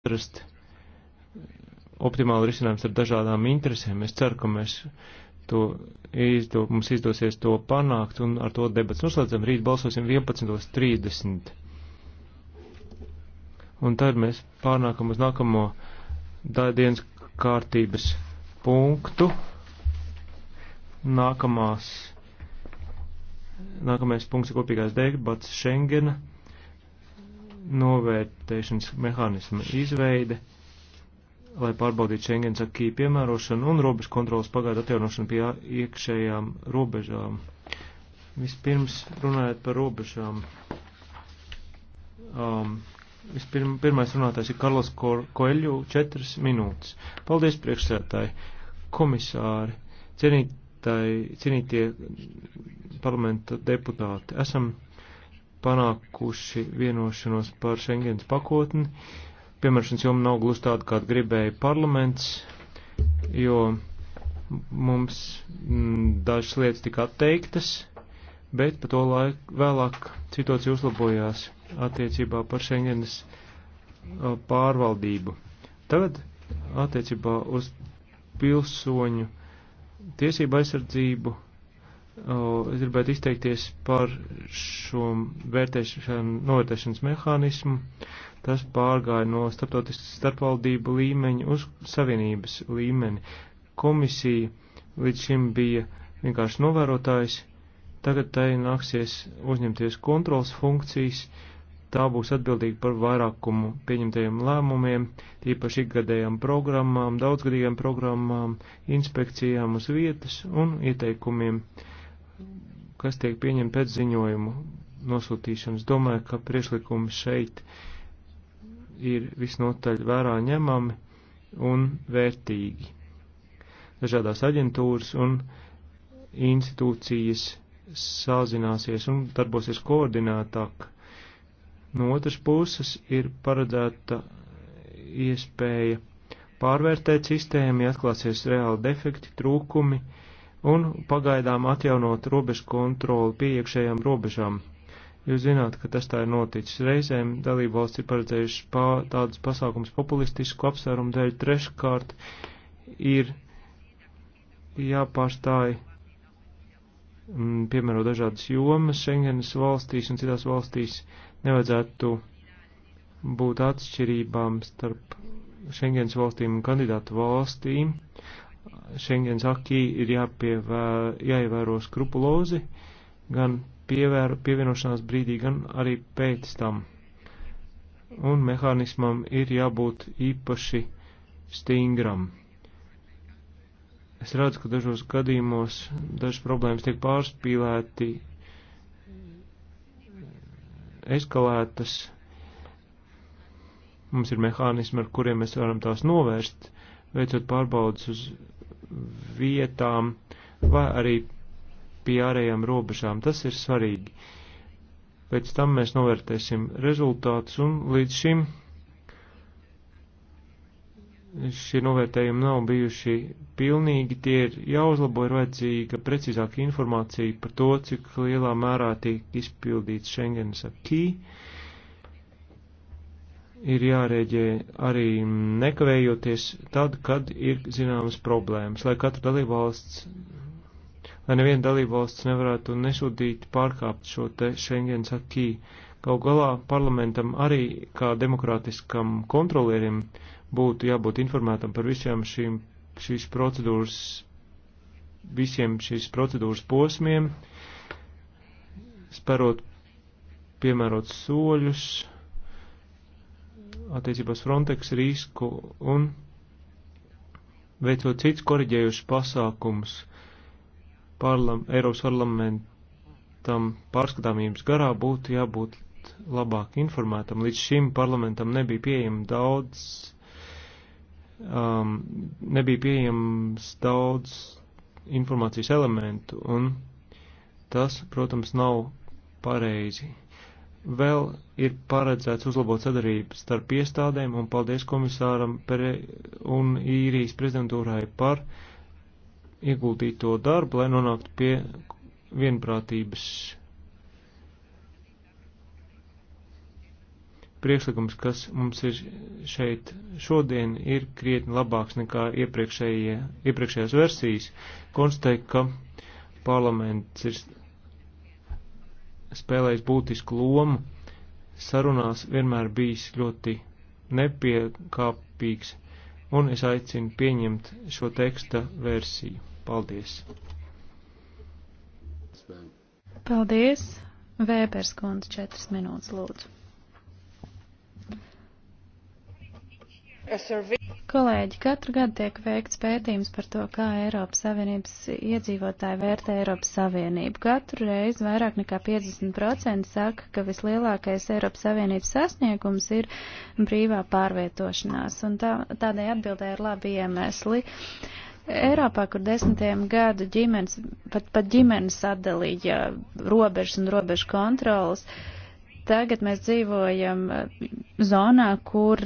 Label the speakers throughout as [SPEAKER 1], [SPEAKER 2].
[SPEAKER 1] atrast optimālu risinājumu ar dažādām interesēm. Es ceru, ka mēs to izdo, mums izdosies to panākt un ar to debats noslēdzam. Rīt balsosim 11.30. Un tad mēs pārnākam uz nākamo dienas kārtības punktu. Nākamās, nākamais punkts ir kopīgās debats Schengena novērtēšanas mehānisma izveide, lai pārbaudītu Schengens akī piemērošanu un robežu kontrolas pagaidu atjaunošanu pie iekšējām robežām. Vispirms runājot par robežām. Um, vispirm, pirmais runātājs ir Karlos Ko Koeļu, četras minūtes. Paldies priekšsētāji, komisāri, cienītāji, cienītie parlamenta deputāti. Esam panākuši vienošanos par Schengens pakotni. Piemēršanas joma nav gluži tāda, kāda gribēja parlaments, jo mums mm, dažas lietas tika atteiktas, bet pa to laiku vēlāk situācija uzlabojās attiecībā par Schengenas pārvaldību. Tagad attiecībā uz pilsoņu tiesību aizsardzību Es gribētu izteikties par šo vērtēšanu, novērtēšanas mehānismu. Tas pārgāja no starptautiskas starpvaldību līmeņa uz savienības līmeni. Komisija līdz šim bija vienkārši novērotājs, tagad tai nāksies uzņemties kontrols funkcijas, tā būs atbildīga par vairākumu pieņemtajiem lēmumiem, tīpaši ikgadējām programmām, daudzgadīgām programmām, inspekcijām uz vietas un ieteikumiem. Uh, kas tiek pieņemta pēc ziņojumu nosūtīšanas. Domāju, ka priešlikumi šeit ir visnotaļ vērā ņemami un vērtīgi. Dažādās aģentūras un institūcijas sāzināsies un darbosies koordinētāk. No otras puses ir paredzēta iespēja pārvērtēt sistēmu, ja atklāsies reāli defekti, trūkumi, uh, un pagaidām atjaunot robežu kontroli pie iekšējām robežām. Jūs zināt, ka tas tā ir noticis reizēm, dalību valsts ir paredzējuši pā, tādus pasākums populistisku apsvērumu dēļ, treškārt ir jāpārstāj, m, mm, piemēram, dažādas jomas Schengenas valstīs un citās valstīs nevajadzētu būt atšķirībām starp Schengenas valstīm un kandidātu valstīm. Uh, Schengens akī ir jāpievē, jāievēro skrupulozi gan pievēru, pievienošanās brīdī, gan arī pēc tam. Un mehānismam ir jābūt īpaši stingram. Es redzu, ka dažos gadījumos dažas problēmas tiek pārspīlēti, eskalētas. Mums ir mehānismi, ar kuriem mēs varam tās novērst veicot pārbaudas uz vietām vai arī pie ārējām robežām. Tas ir svarīgi. Pēc tam mēs novērtēsim rezultātus un līdz šim šie novērtējumi nav bijuši pilnīgi, tie ir jāuzlabo, ir vajadzīga precīzāka informācija par to, cik lielā mērā tiek izpildīts Schengenas akī ir jārēģē arī nekavējoties tad, kad ir zināmas problēmas, lai katra dalībvalsts, lai neviena dalībvalsts nevarētu nesūdīt pārkāpt šo te Schengens akī. Kaut galā parlamentam arī kā demokrātiskam kontrolierim būtu jābūt informētam par visiem šīm, šīs procedūras, visiem šīs procedūras posmiem, sperot piemērot soļus, attiecībās Frontex risku un veicot cits koriģējušs pasākums parlam, Eiropas parlamentam pārskatāmības garā būtu jābūt labāk informētam. Līdz šim parlamentam nebija pieejama daudz, um, nebija pieejams daudz informācijas elementu un tas, protams, nav pareizi vēl ir paredzēts uzlabot sadarību starp iestādēm, un paldies komisāram Pere un īrijas prezidentūrai par ieguldīto darbu, lai nonāktu pie vienprātības. Priekšlikums, kas mums ir šeit šodien, ir krietni labāks nekā iepriekšējās versijas. Konstatēja, ka parlaments ir spēlējis būtisku lomu. Sarunās vienmēr bijis ļoti nepiekāpīgs, un es aicinu pieņemt šo teksta versiju. Paldies!
[SPEAKER 2] Paldies! Vēpers kundze, četras minūtes lūdzu. Kolēģi, katru gadu tiek veikts pētījums par to, kā Eiropas Savienības iedzīvotāji vērtē Eiropas Savienību. Katru reizi vairāk nekā 50% saka, ka vislielākais Eiropas Savienības sasniegums ir brīvā pārvietošanās, un tā, tādai atbildē ir labi iemesli. Uh, Eiropā, kur desmitiem gadu ģimenes, pat, pat ģimenes atdalīja robežas un robežu kontrolas, tagad mēs dzīvojam zonā, kur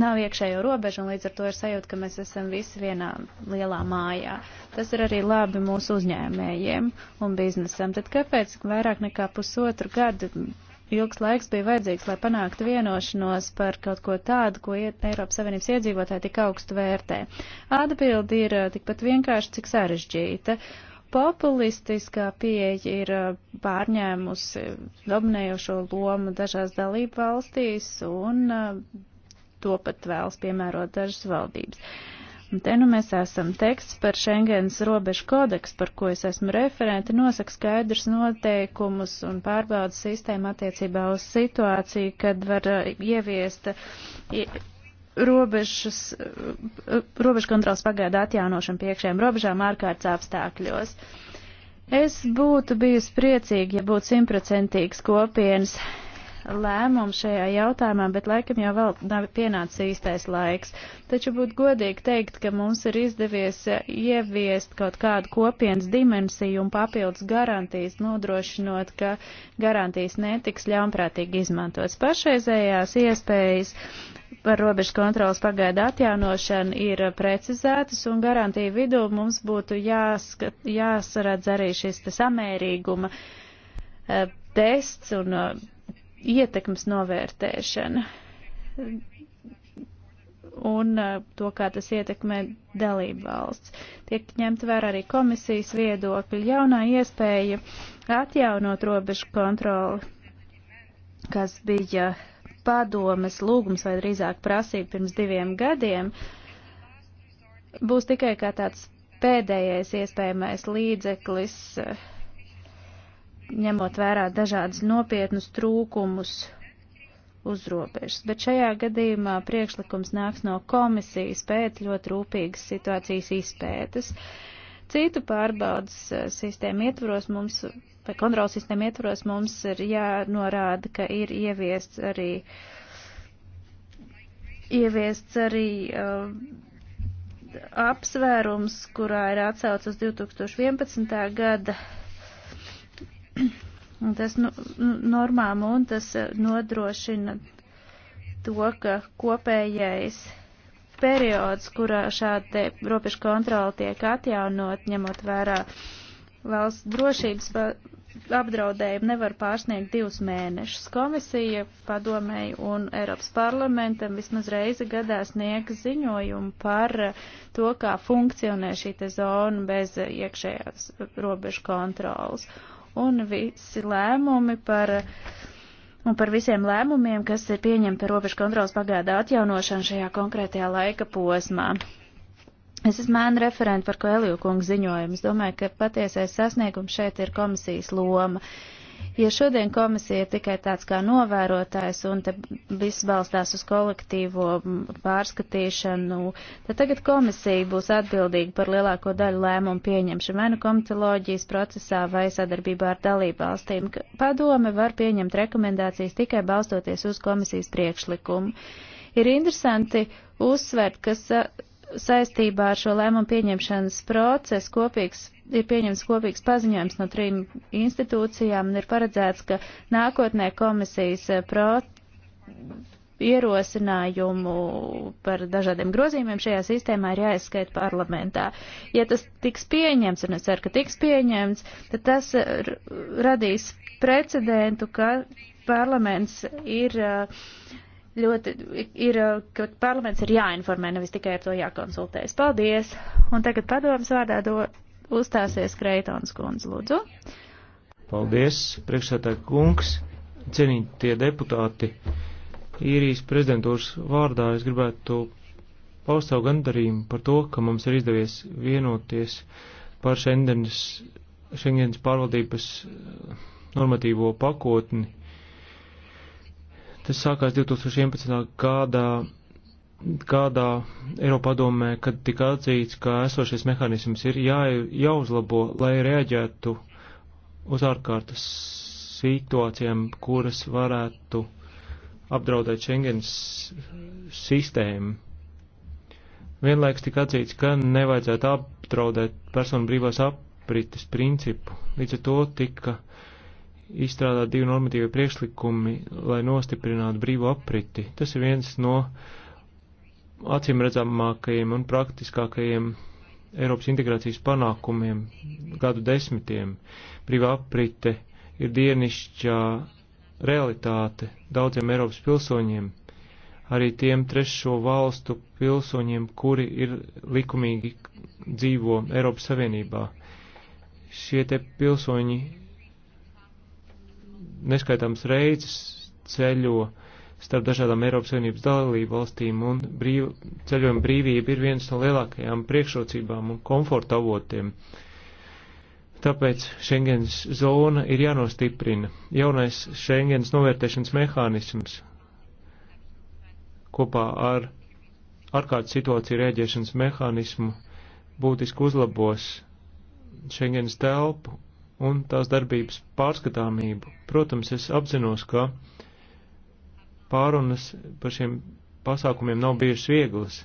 [SPEAKER 2] nav iekšējo robežu, un līdz ar to ir sajūta, ka mēs esam visi vienā lielā mājā. Tas ir arī labi mūsu uzņēmējiem un biznesam. Tad kāpēc vairāk nekā pusotru gadu ilgs laiks bija vajadzīgs, lai panāktu vienošanos par kaut ko tādu, ko Eiropas Savienības iedzīvotāji tik augstu vērtē? Atbildi ir uh, tikpat vienkārši, cik sarežģīta populistiskā pieeja ir uh, pārņēmusi dominējošo lomu dažās dalību valstīs un uh, to pat vēlas piemērot dažas valdības. Un te nu mēs esam teksts par Schengens robežu kodeks, par ko es esmu referente, nosaka skaidrs noteikumus un pārbaudas sistēmu attiecībā uz situāciju, kad var uh, ieviest robežas, uh, robežu kontrols pagaidu atjaunošanu piekšējām robežām ārkārtas apstākļos. Es būtu bijusi priecīga, ja būtu simtprocentīgs kopienas lēmumu šajā jautājumā, bet laikam jau vēl nav pienācis īstais laiks. Taču būtu godīgi teikt, ka mums ir izdevies ieviest kaut kādu kopienas dimensiju un papildus garantijas, nodrošinot, ka garantijas netiks ļaunprātīgi izmantotas. Pašreizējās iespējas par robežu kontrolas pagaidu atjaunošanu ir precizētas, un garantija vidū mums būtu jāskat, jāsaredz arī šis samērīguma eh, tests un ietekmes novērtēšana un eh, to, kā tas ietekmē dalību valsts. Tiek ņemt vērā arī komisijas viedokļi. Jaunā iespēja atjaunot robežu kontroli, kas bija padomes lūgums vai drīzāk prasība pirms diviem gadiem, būs tikai kā tāds pēdējais iespējamais līdzeklis uh, ņemot vērā dažādas nopietnus trūkumus uz robežas. Bet šajā gadījumā priekšlikums nāks no komisijas pēc ļoti rūpīgas situācijas izpētes. Citu pārbaudas eh, sistēmu ietvaros mums, vai kontrolas sistēmu ietvaros mums ir jānorāda, ka ir ieviests arī, ieviests arī uh, apsvērums, kurā ir atsauc uz 2011. gada tas nu, nu, normām un tas eh, nodrošina to, ka kopējais periods, kurā šāda robežu kontrola tiek atjaunot, ņemot vērā valsts drošības apdraudējumu, nevar pārsniegt divus mēnešus. Komisija padomēja un Eiropas parlamentam vismaz reizi gadā sniegs ziņojumu par eh, to, kā funkcionē šī zona bez iekšējās robežu kontrolas un visi lēmumi par un par visiem lēmumiem, kas ir pieņemti par robežu kontrolas pagādā atjaunošanu šajā konkrētajā laika posmā. Es esmu ēnu referenti par Koeliju kungu ziņojumu. Es domāju, ka patiesais sasniegums šeit ir komisijas loma. Uh, Ja šodien komisija ir tikai tāds kā novērotājs un te viss balstās uz kolektīvo pārskatīšanu, tad tagad komisija būs atbildīga par lielāko daļu lēmumu pieņemšanu vai nu komitoloģijas procesā vai sadarbībā ar dalību valstīm. Padome var pieņemt rekomendācijas tikai balstoties uz komisijas priekšlikumu. Ir interesanti uzsvērt, ka saistībā ar šo lēmumu pieņemšanas procesu kopīgs ir pieņems kopīgs paziņojums no trim institūcijām un ir paredzēts, ka nākotnē komisijas eh, pro ierosinājumu par dažādiem grozījumiem šajā sistēmā ir jāizskait parlamentā. Ja tas tiks pieņemts, un es ceru, ka tiks pieņemts, tad tas eh, radīs precedentu, ka parlaments ir eh, ļoti, ir, ka parlaments ir jāinformē, nevis tikai ar to jākonsultējas. Paldies! Un tagad padomas vārdā do, uzstāsies Kreitons kundze, lūdzu.
[SPEAKER 1] Paldies, priekšsētāji kungs, cienītie deputāti. Īrijas prezidentūras vārdā es gribētu paust savu gandarījumu par to, ka mums ir izdevies vienoties par Schengens, Schengens pārvaldības eh, normatīvo pakotni. Tas sākās 2011. gadā kādā Eiropadomē, kad tika atzīts, ka esošais mehānisms ir jā, jāuzlabo, lai reaģētu uz ārkārtas situācijām, kuras varētu apdraudēt Schengens sistēmu. Vienlaiks tika atzīts, ka nevajadzētu apdraudēt personu brīvās aprites principu. Līdz ar to tika izstrādāt divi normatīvi priekšlikumi, lai nostiprinātu brīvo apriti. Tas ir viens no uh, acīm redzamākajiem un praktiskākajiem Eiropas integrācijas panākumiem gadu desmitiem. Brīvā aprite ir dienišķā realitāte daudziem Eiropas pilsoņiem, arī tiem trešo valstu pilsoņiem, kuri ir likumīgi dzīvo Eiropas Savienībā. Šie te pilsoņi neskaitāms reizes ceļo starp dažādām Eiropas Savienības dalību valstīm, un brīv, ceļojuma brīvība ir viens no lielākajām priekšrocībām un komforta avotiem. Tāpēc Schengens zona ir jānostiprina. Jaunais Schengens novērtēšanas mehānisms kopā ar ārkārtas situāciju rēģēšanas mehānismu būtiski uzlabos Schengens telpu un tās darbības pārskatāmību. Protams, es apzinos, ka pārunas par šiem pasākumiem nav bijušas vieglas.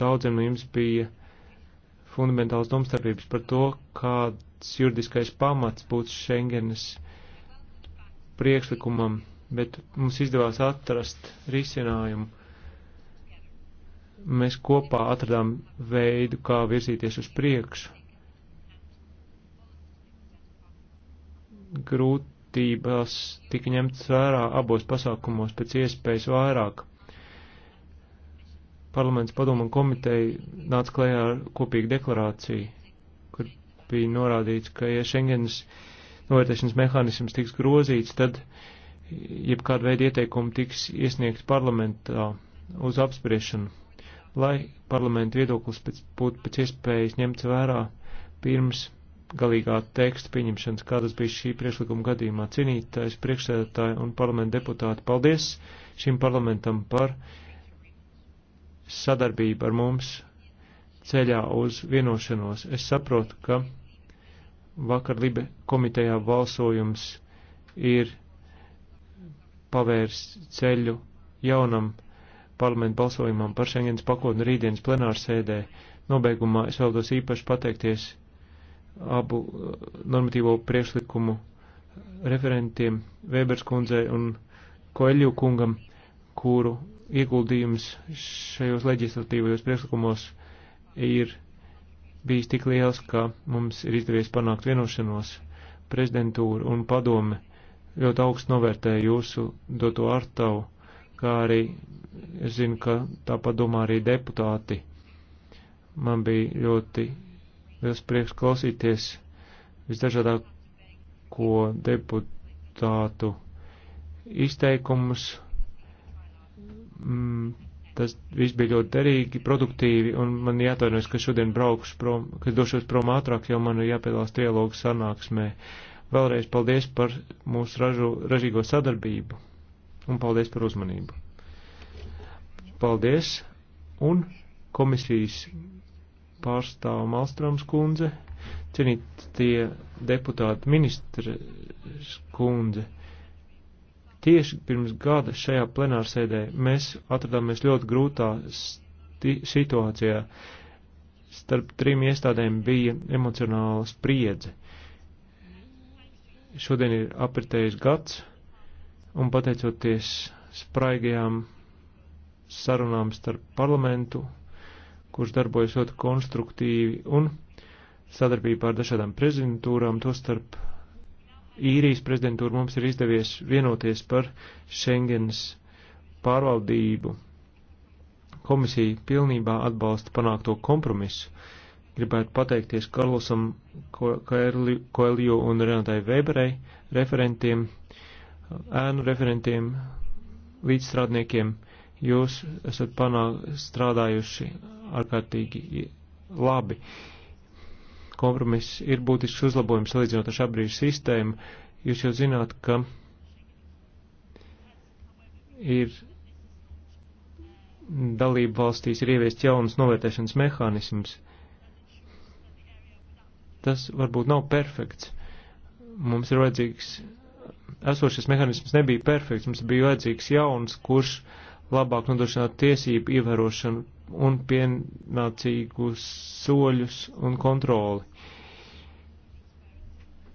[SPEAKER 1] Daudziem no jums bija fundamentāls domstarpības par to, kāds juridiskais pamats būtu Schengenes priekšlikumam, bet mums izdevās atrast risinājumu. Mēs kopā atradām veidu, kā virzīties uz priekšu. Grūti vērtības tika ņemts vērā abos pasākumos pēc iespējas vairāk. Parlaments padomu un komiteja nāca klajā ar kopīgu deklarāciju, kur bija norādīts, ka ja Schengens novērtēšanas mehānisms tiks grozīts, tad jebkāda veida ieteikumi tiks iesniegt parlamentā uz apspriešanu, lai parlamentu viedoklis pēc, būtu pēc iespējas ņemts vērā pirms galīgā teksta pieņemšanas, kādas bija šī priekšlikuma gadījumā. Cienītājs, priekšsēdētāji un parlamenta deputāti, paldies šim parlamentam par sadarbību ar mums ceļā uz vienošanos. Es saprotu, ka vakar Libe komitejā balsojums ir pavērs ceļu jaunam parlamentu balsojumam par Schengens pakotni rītdienas plenārsēdē. Nobeigumā es vēlos īpaši pateikties abu eh, normatīvo priekšlikumu referentiem Vēbers kundzei un Koeļu kungam, kuru ieguldījums šajos leģislatīvajos priekšlikumos ir bijis tik liels, ka mums ir izdevies panākt vienošanos. Prezidentūra un padome ļoti augstu novērtē jūsu doto artavu, kā arī es zinu, ka tā padomā arī deputāti. Man bija ļoti Liels prieks klausīties visdažādāko deputātu izteikumus. Mm, tas viss bija ļoti derīgi, produktīvi, un man jāatvainojas, ka šodien braukšu prom, ka došos prom ātrāk, jo man ir jāpiedalās trialogu sanāksmē. Vēlreiz paldies par mūsu ražu, ražīgo sadarbību, un paldies par uzmanību. Paldies, un komisijas pārstāv Malstroms kundze, cienītie deputāti ministres kundze. Tieši pirms gada šajā plenārsēdē mēs atradāmies ļoti grūtā situācijā. Starp trim iestādēm bija emocionāla spriedze. Šodien ir apritējis gads, un pateicoties spraigajām sarunām starp parlamentu kurš darbojas ļoti konstruktīvi un sadarbībā ar dažādām prezidentūrām, to starp īrijas prezidentūru mums ir izdevies vienoties par Schengens pārvaldību. Komisija pilnībā atbalsta panākto kompromisu. Gribētu pateikties Karlosam Koeliju un Renatai Weberei, referentiem, ēnu referentiem, līdzstrādniekiem jūs esat panā, strādājuši ārkārtīgi labi. Kompromiss ir būtisks uzlabojums salīdzinot ar šā brīža sistēmu. Jūs jau zināt, ka ir dalību valstīs ir ieviest jaunas novērtēšanas mehānisms. Tas varbūt nav perfekts. Mums ir vajadzīgs, esošais mehānisms nebija perfekts, mums bija vajadzīgs jauns, kurš uh, labāk nodrošināt tiesību ievērošanu un pienācīgus soļus un kontroli,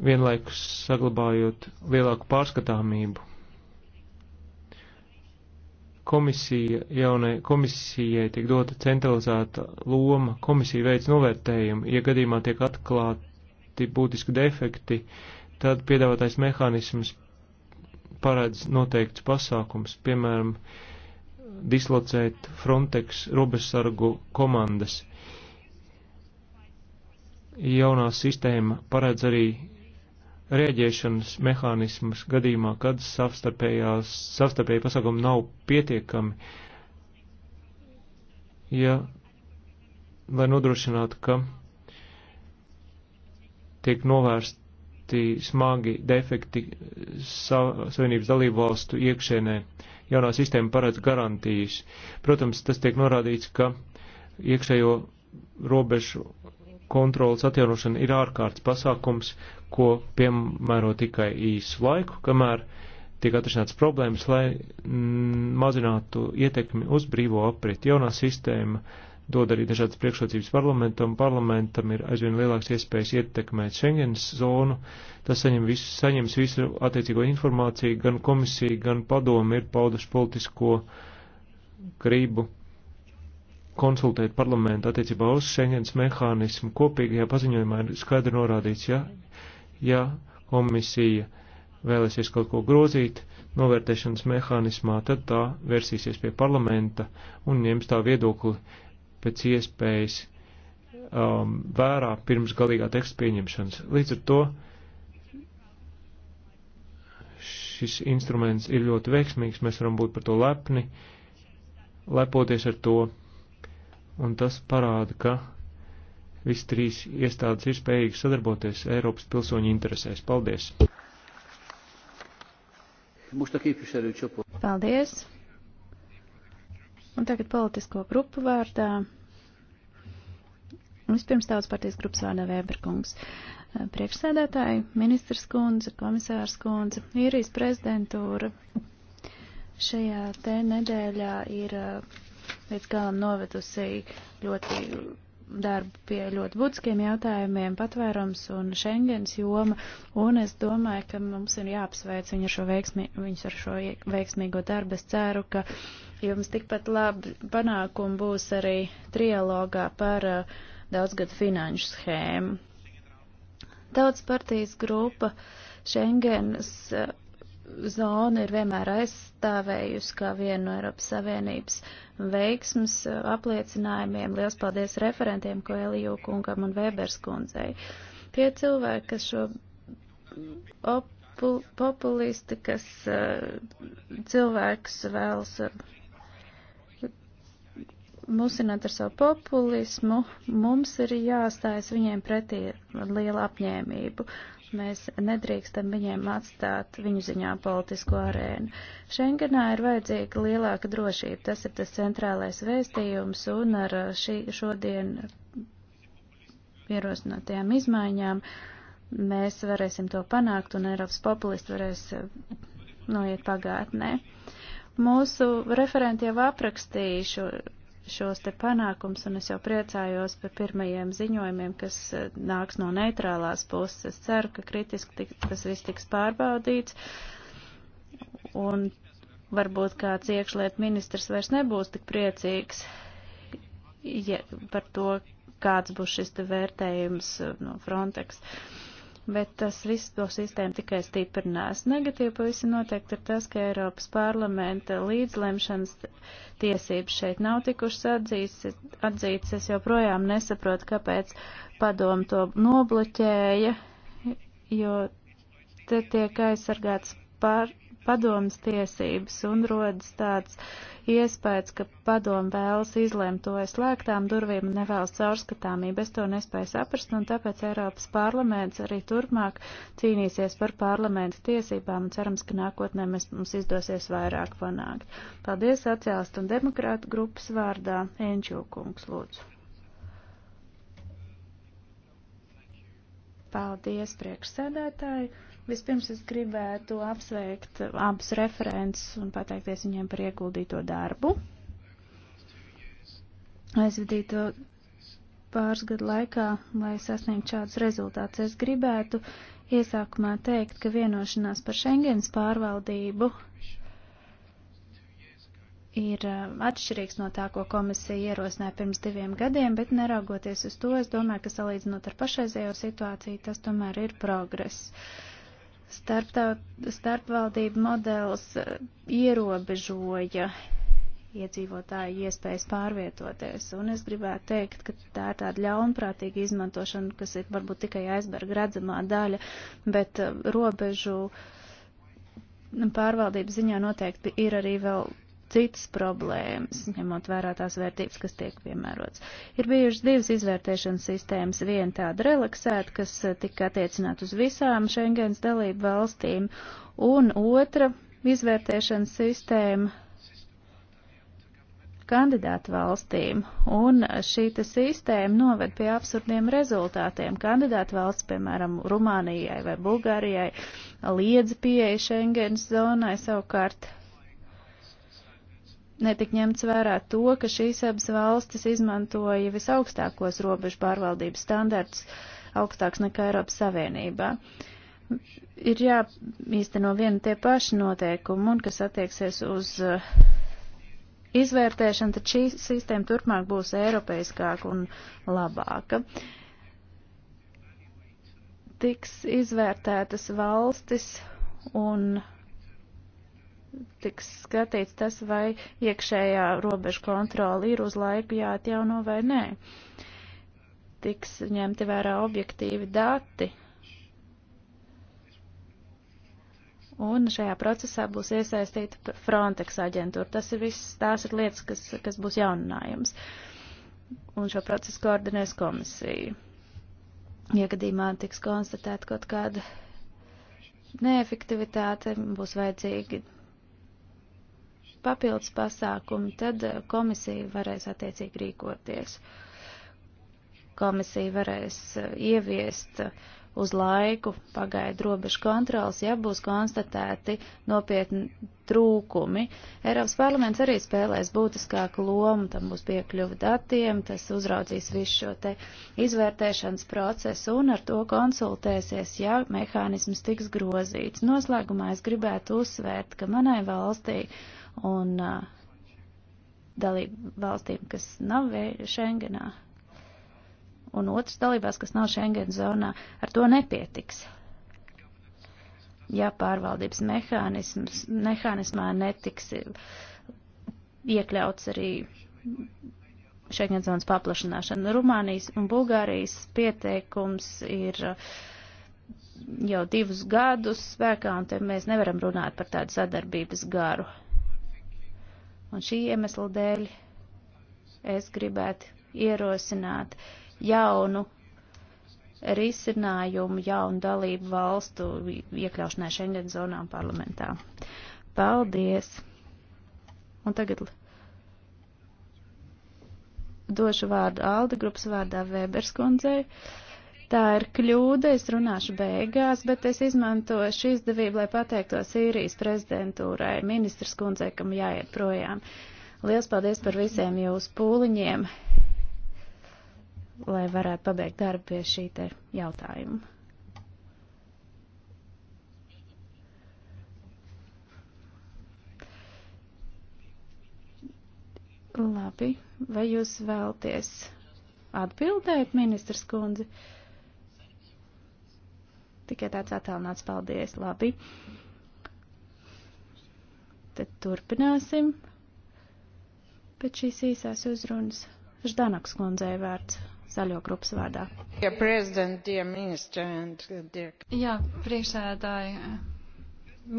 [SPEAKER 1] vienlaikus saglabājot lielāku pārskatāmību. Komisija jaunai komisijai tiek dota centralizēta loma, komisija veic novērtējumu, ja gadījumā tiek atklāti būtiski defekti, tad piedāvātais mehānisms paredz noteikts pasākums, piemēram, uh, dislocēt Frontex robežsargu komandas. Jaunā sistēma paredz arī rēģēšanas mehānismus gadījumā, kad savstarpēji pasākumi nav pietiekami, ja, lai nodrošinātu, ka tiek novērsti smagi defekti sav, Savienības dalību valstu iekšēnē. Uh, jaunā sistēma paredz garantijas. Protams, tas tiek norādīts, ka iekšējo robežu kontrolas atjaunošana ir ārkārtas pasākums, ko piemēro tikai īsu laiku, kamēr tiek atrisināts problēmas, lai mazinātu ietekmi uz brīvo aprit. Jaunā sistēma dod arī dažādas priekšrocības parlamentam. Parlamentam ir aizvien lielāks iespējas ietekmēt Schengens zonu. Tas saņem visu, saņems visu attiecīgo informāciju, gan komisija, gan padomi ir pauduši politisko gribu konsultēt parlamentu attiecībā uz Schengens mehānismu. Kopīgajā paziņojumā ir skaidri norādīts, ja, ja komisija vēlēsies kaut ko grozīt novērtēšanas mehānismā, tad tā versīsies pie parlamenta un ņems tā viedokli pēc iespējas um, vērā pirms galīgā teksta pieņemšanas. Līdz ar to šis instruments ir ļoti veiksmīgs, mēs varam būt par to lepni, lepoties ar to, un tas parāda, ka visi trīs iestādes ir spējīgi sadarboties Eiropas pilsoņu interesēs. Paldies!
[SPEAKER 3] Paldies!
[SPEAKER 2] Un tagad politisko grupu vārdā. Vispirms tautas partijas grupas vārdā Vēberkungs. Eh, priekšsēdētāji, ministrs kundze, komisārs kundze, īrijas prezidentūra šajā te nedēļā ir eh, līdz galam novedusi ļoti darbu pie ļoti būtiskiem jautājumiem, patvērums un Schengens joma, un es domāju, ka mums ir jāapsveic viņu ar šo, veiksmi, viņus ar šo veiksmīgo darbu. Es ceru, ka uh, Jums tikpat labi panākumi būs arī trialogā par uh, daudzgad finanšu schēmu. Tautas partijas grupa Schengenas uh, zonu ir vienmēr aizstāvējusi kā vienu no Eiropas Savienības veiksmas uh, apliecinājumiem. Liels paldies referentiem, ko Eliju kungam un Vēbers kundzei. Tie cilvēki, kas šo populisti, kas uh, cilvēks vēlas musināt ar savu populismu, mums ir jāstājas viņiem pretī ar lielu apņēmību. Mēs nedrīkstam viņiem atstāt viņu ziņā politisko arēnu. Šengenā ir vajadzīga lielāka drošība, tas ir tas centrālais vēstījums, un ar uh, šī, šodien ierosinātajām izmaiņām mēs varēsim to panākt, un Eiropas populisti varēs uh, noiet pagātnē. Mūsu referenti jau aprakstījuši šos te panākums, un es jau priecājos par pirmajiem ziņojumiem, kas eh, nāks no neitrālās puses. Es ceru, ka kritiski tik, tas viss tiks pārbaudīts, un varbūt kāds iekšliet ministrs vairs nebūs tik priecīgs ja, par to, kāds būs šis te vērtējums eh, no Frontex. Uh, bet tas viss to sistēmu tikai stiprinās. Negatīvi pavisam noteikti ir tas, ka Eiropas parlamenta līdzlemšanas tiesības šeit nav tikušas atzītas. atzītas. Es joprojām nesaprotu, kāpēc padomu to nobloķēja, jo te tiek aizsargāts par padomas tiesības un rodas tāds iespējas, ka padoma vēlas izlēmt to aizslēgtām durvīm un nevēlas caurskatāmību. Es to nespēju saprast, un tāpēc Eiropas parlaments arī turpmāk cīnīsies par parlamenta tiesībām, un cerams, ka nākotnē mēs, mums izdosies vairāk panākt. Paldies sociālistu un demokrātu grupas vārdā, Enčūkungs, lūdzu. Paldies, priekšsēdētāji. Vispirms es gribētu apsveikt abus referents un pateikties viņiem par ieguldīto darbu. Aizvadīto pāris gadu laikā, lai sasniegtu šādus rezultātus, es gribētu iesākumā teikt, ka vienošanās par Schengens pārvaldību ir eh, atšķirīgs no tā, ko komisija ierosināja pirms diviem gadiem, bet neraugoties uz to, es domāju, ka salīdzinot ar pašreizējo situāciju, tas tomēr ir progress. Starptaut, starpvaldību modelis eh, ierobežoja iedzīvotāju iespējas pārvietoties. Un es gribētu teikt, ka tā ir tāda ļaunprātīga izmantošana, kas ir varbūt tikai aizberga redzamā daļa, bet eh, robežu pārvaldības ziņā noteikti ir arī vēl citas problēmas, ņemot vērā tās vērtības, kas tiek piemērots. Ir bijušas divas izvērtēšanas sistēmas, viena tāda relaksēta, kas eh, tika attiecināt uz visām Schengens dalību valstīm, un otra izvērtēšanas sistēma kandidātu valstīm, un šī sistēma noved pie absurdiem rezultātiem. Kandidātu valsts, piemēram, Rumānijai vai Bulgārijai, liedz pieeja Schengens zonai, savukārt netika ņemts vērā to, ka šīs abas valstis izmantoja visaugstākos robežu pārvaldības standarts, augstāks nekā Eiropas Savienībā. Ir jāīsteno viena tie paši noteikumi, un kas attieksies uz uh, izvērtēšanu, tad šī sistēma turpmāk būs eiropeiskāka un labāka. Tiks izvērtētas valstis un tiks skatīts tas, vai iekšējā robeža kontrola ir uz laiku jāatjauno vai nē. Tiks ņemti vērā objektīvi dati. Un šajā procesā būs iesaistīta Frontex aģentūra. Tas ir viss, tās ir lietas, kas, kas būs jauninājums. Un šo procesu koordinēs komisija. Iegadījumā tiks konstatēta kaut kāda neefektivitāte, būs vajadzīgi papildus pasākumi, tad eh, komisija varēs attiecīgi rīkoties. Komisija varēs eh, ieviest eh, uz laiku pagaidu robežu kontrols, ja būs konstatēti nopietni trūkumi. Eiropas parlaments arī spēlēs būtiskāku lomu, tam būs piekļuva datiem, tas uzraudzīs visu šo te izvērtēšanas procesu un ar to konsultēsies, ja mehānisms tiks grozīts. Noslēgumā es gribētu uzsvērt, ka manai valstī un dalību valstīm, kas nav Schengenā, un otras dalībās, kas nav Schengen zonā, ar to nepietiks. Ja pārvaldības mehānisms, mehānismā netiks iekļauts arī Schengen zonas paplašanāšana. Rumānijas un Bulgārijas pieteikums ir jau divus gadus spēkā, un te mēs nevaram runāt par tādu sadarbības garu. Un šī iemesla dēļ es gribētu ierosināt jaunu risinājumu, jaunu dalību valstu iekļaušanai Schengen zonām parlamentā. Paldies! Un tagad došu vārdu Alda grupas vārdā Vēberskundzei. Uh, Tā ir kļūda, es runāšu beigās, bet es izmantoju šī izdevību, lai pateikto Sīrijas prezidentūrai, ministrs kundzei, kam jāiet projām. Liels paldies par visiem jūsu pūliņiem, lai varētu pabeigt darbu pie šī te jautājuma. Labi, vai jūs vēlties atbildēt, ministrs kundze? Uh, tikai tāds attālināts paldies. Labi. Tad turpināsim
[SPEAKER 3] pēc šīs īsās uzrunas.
[SPEAKER 2] Ždanaks kundzei vērts zaļo grupas vārdā. Ja dear minister, and, dear...
[SPEAKER 3] Jā, priekšsēdāji,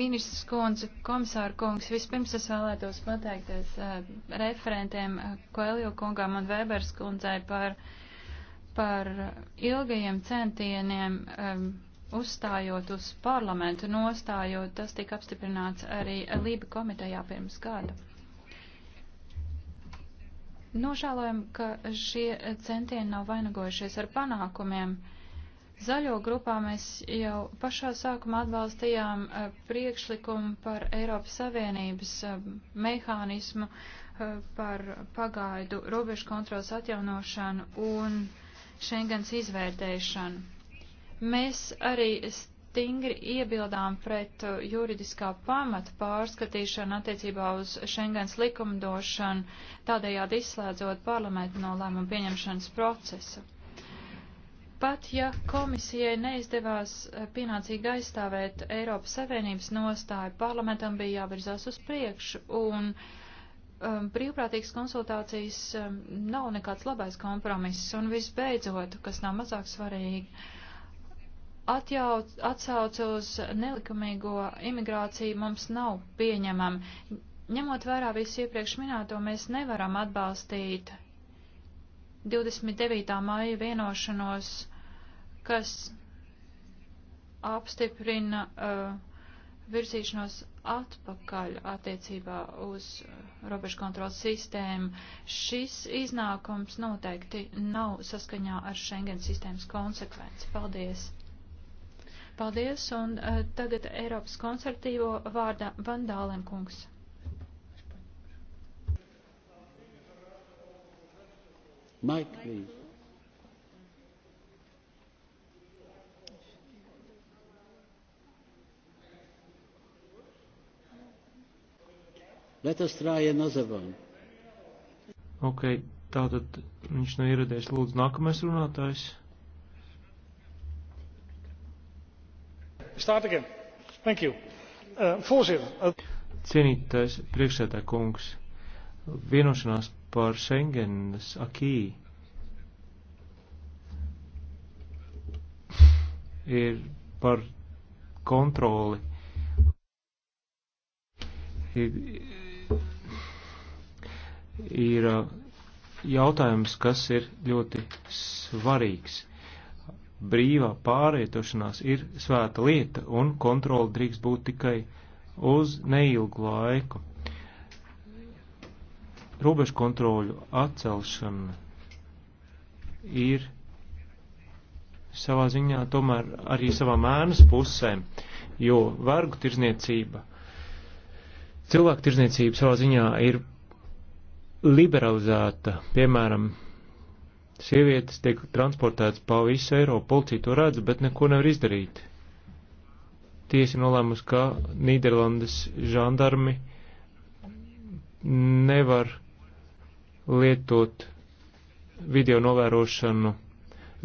[SPEAKER 3] ministrs kundze, komisāra kungs, vispirms es vēlētos pateikties uh, referentiem eh, Koelio kungām un Vēbers kundzei par, par ilgajiem centieniem. Um, uzstājot uz parlamentu nostājot, tas tika apstiprināts arī Lība komitejā pirms gada. Nožēlojam, ka šie centieni nav vainagojušies ar panākumiem. Zaļo grupā mēs jau pašā sākumā atbalstījām eh, priekšlikumu par Eiropas Savienības eh, mehānismu eh, par pagaidu robežu kontrols atjaunošanu un Schengens izvērtēšanu. Mēs arī stingri iebildām pret uh, juridiskā pamata pārskatīšanu attiecībā uz Schengens likumdošanu, tādējādi izslēdzot parlamentu no lēmumu pieņemšanas procesa. Pat ja komisijai neizdevās uh, pienācīgi aizstāvēt Eiropas Savienības nostāju, parlamentam bija jāvirzās uz priekšu, un um, brīvprātīgas konsultācijas um, nav nekāds labais kompromiss, un visbeidzot, kas nav mazāk svarīgi, uh, atjauc, atsauc uz nelikumīgo imigrāciju mums nav pieņemama. Ņemot vērā visu iepriekš minēto, mēs nevaram atbalstīt 29. māja vienošanos, kas apstiprina uh, virzīšanos atpakaļ attiecībā uz uh, robežu kontrolas sistēmu. Šis iznākums noteikti nav saskaņā ar Schengen sistēmas konsekvenci. Paldies! Paldies, un uh, tagad Eiropas konservatīvo vārdā Vandālen kungs.
[SPEAKER 1] Mike, please.
[SPEAKER 3] Let us try another one.
[SPEAKER 1] Ok, tātad viņš nav nu ieradies. Lūdzu, nākamais runātājs. Uh, Cienītais priekšsēdā kungs, vienošanās par Schengenas akī ir par kontroli. Ir, ir uh, jautājums, kas ir ļoti svarīgs brīvā pārvietošanās ir svēta lieta, un kontroli drīkst būt tikai uz neilgu laiku. Robežu kontroļu atcelšana ir savā ziņā tomēr arī savā mēnes pusē, jo vergu tirzniecība, cilvēku tirzniecība savā ziņā ir liberalizēta, piemēram, Sievietes tiek transportētas pa visu Eiropu, policija to redz, bet neko nevar izdarīt. Tiesa nolēmusi, ka Nīderlandes žandarmi nevar lietot video novērošanu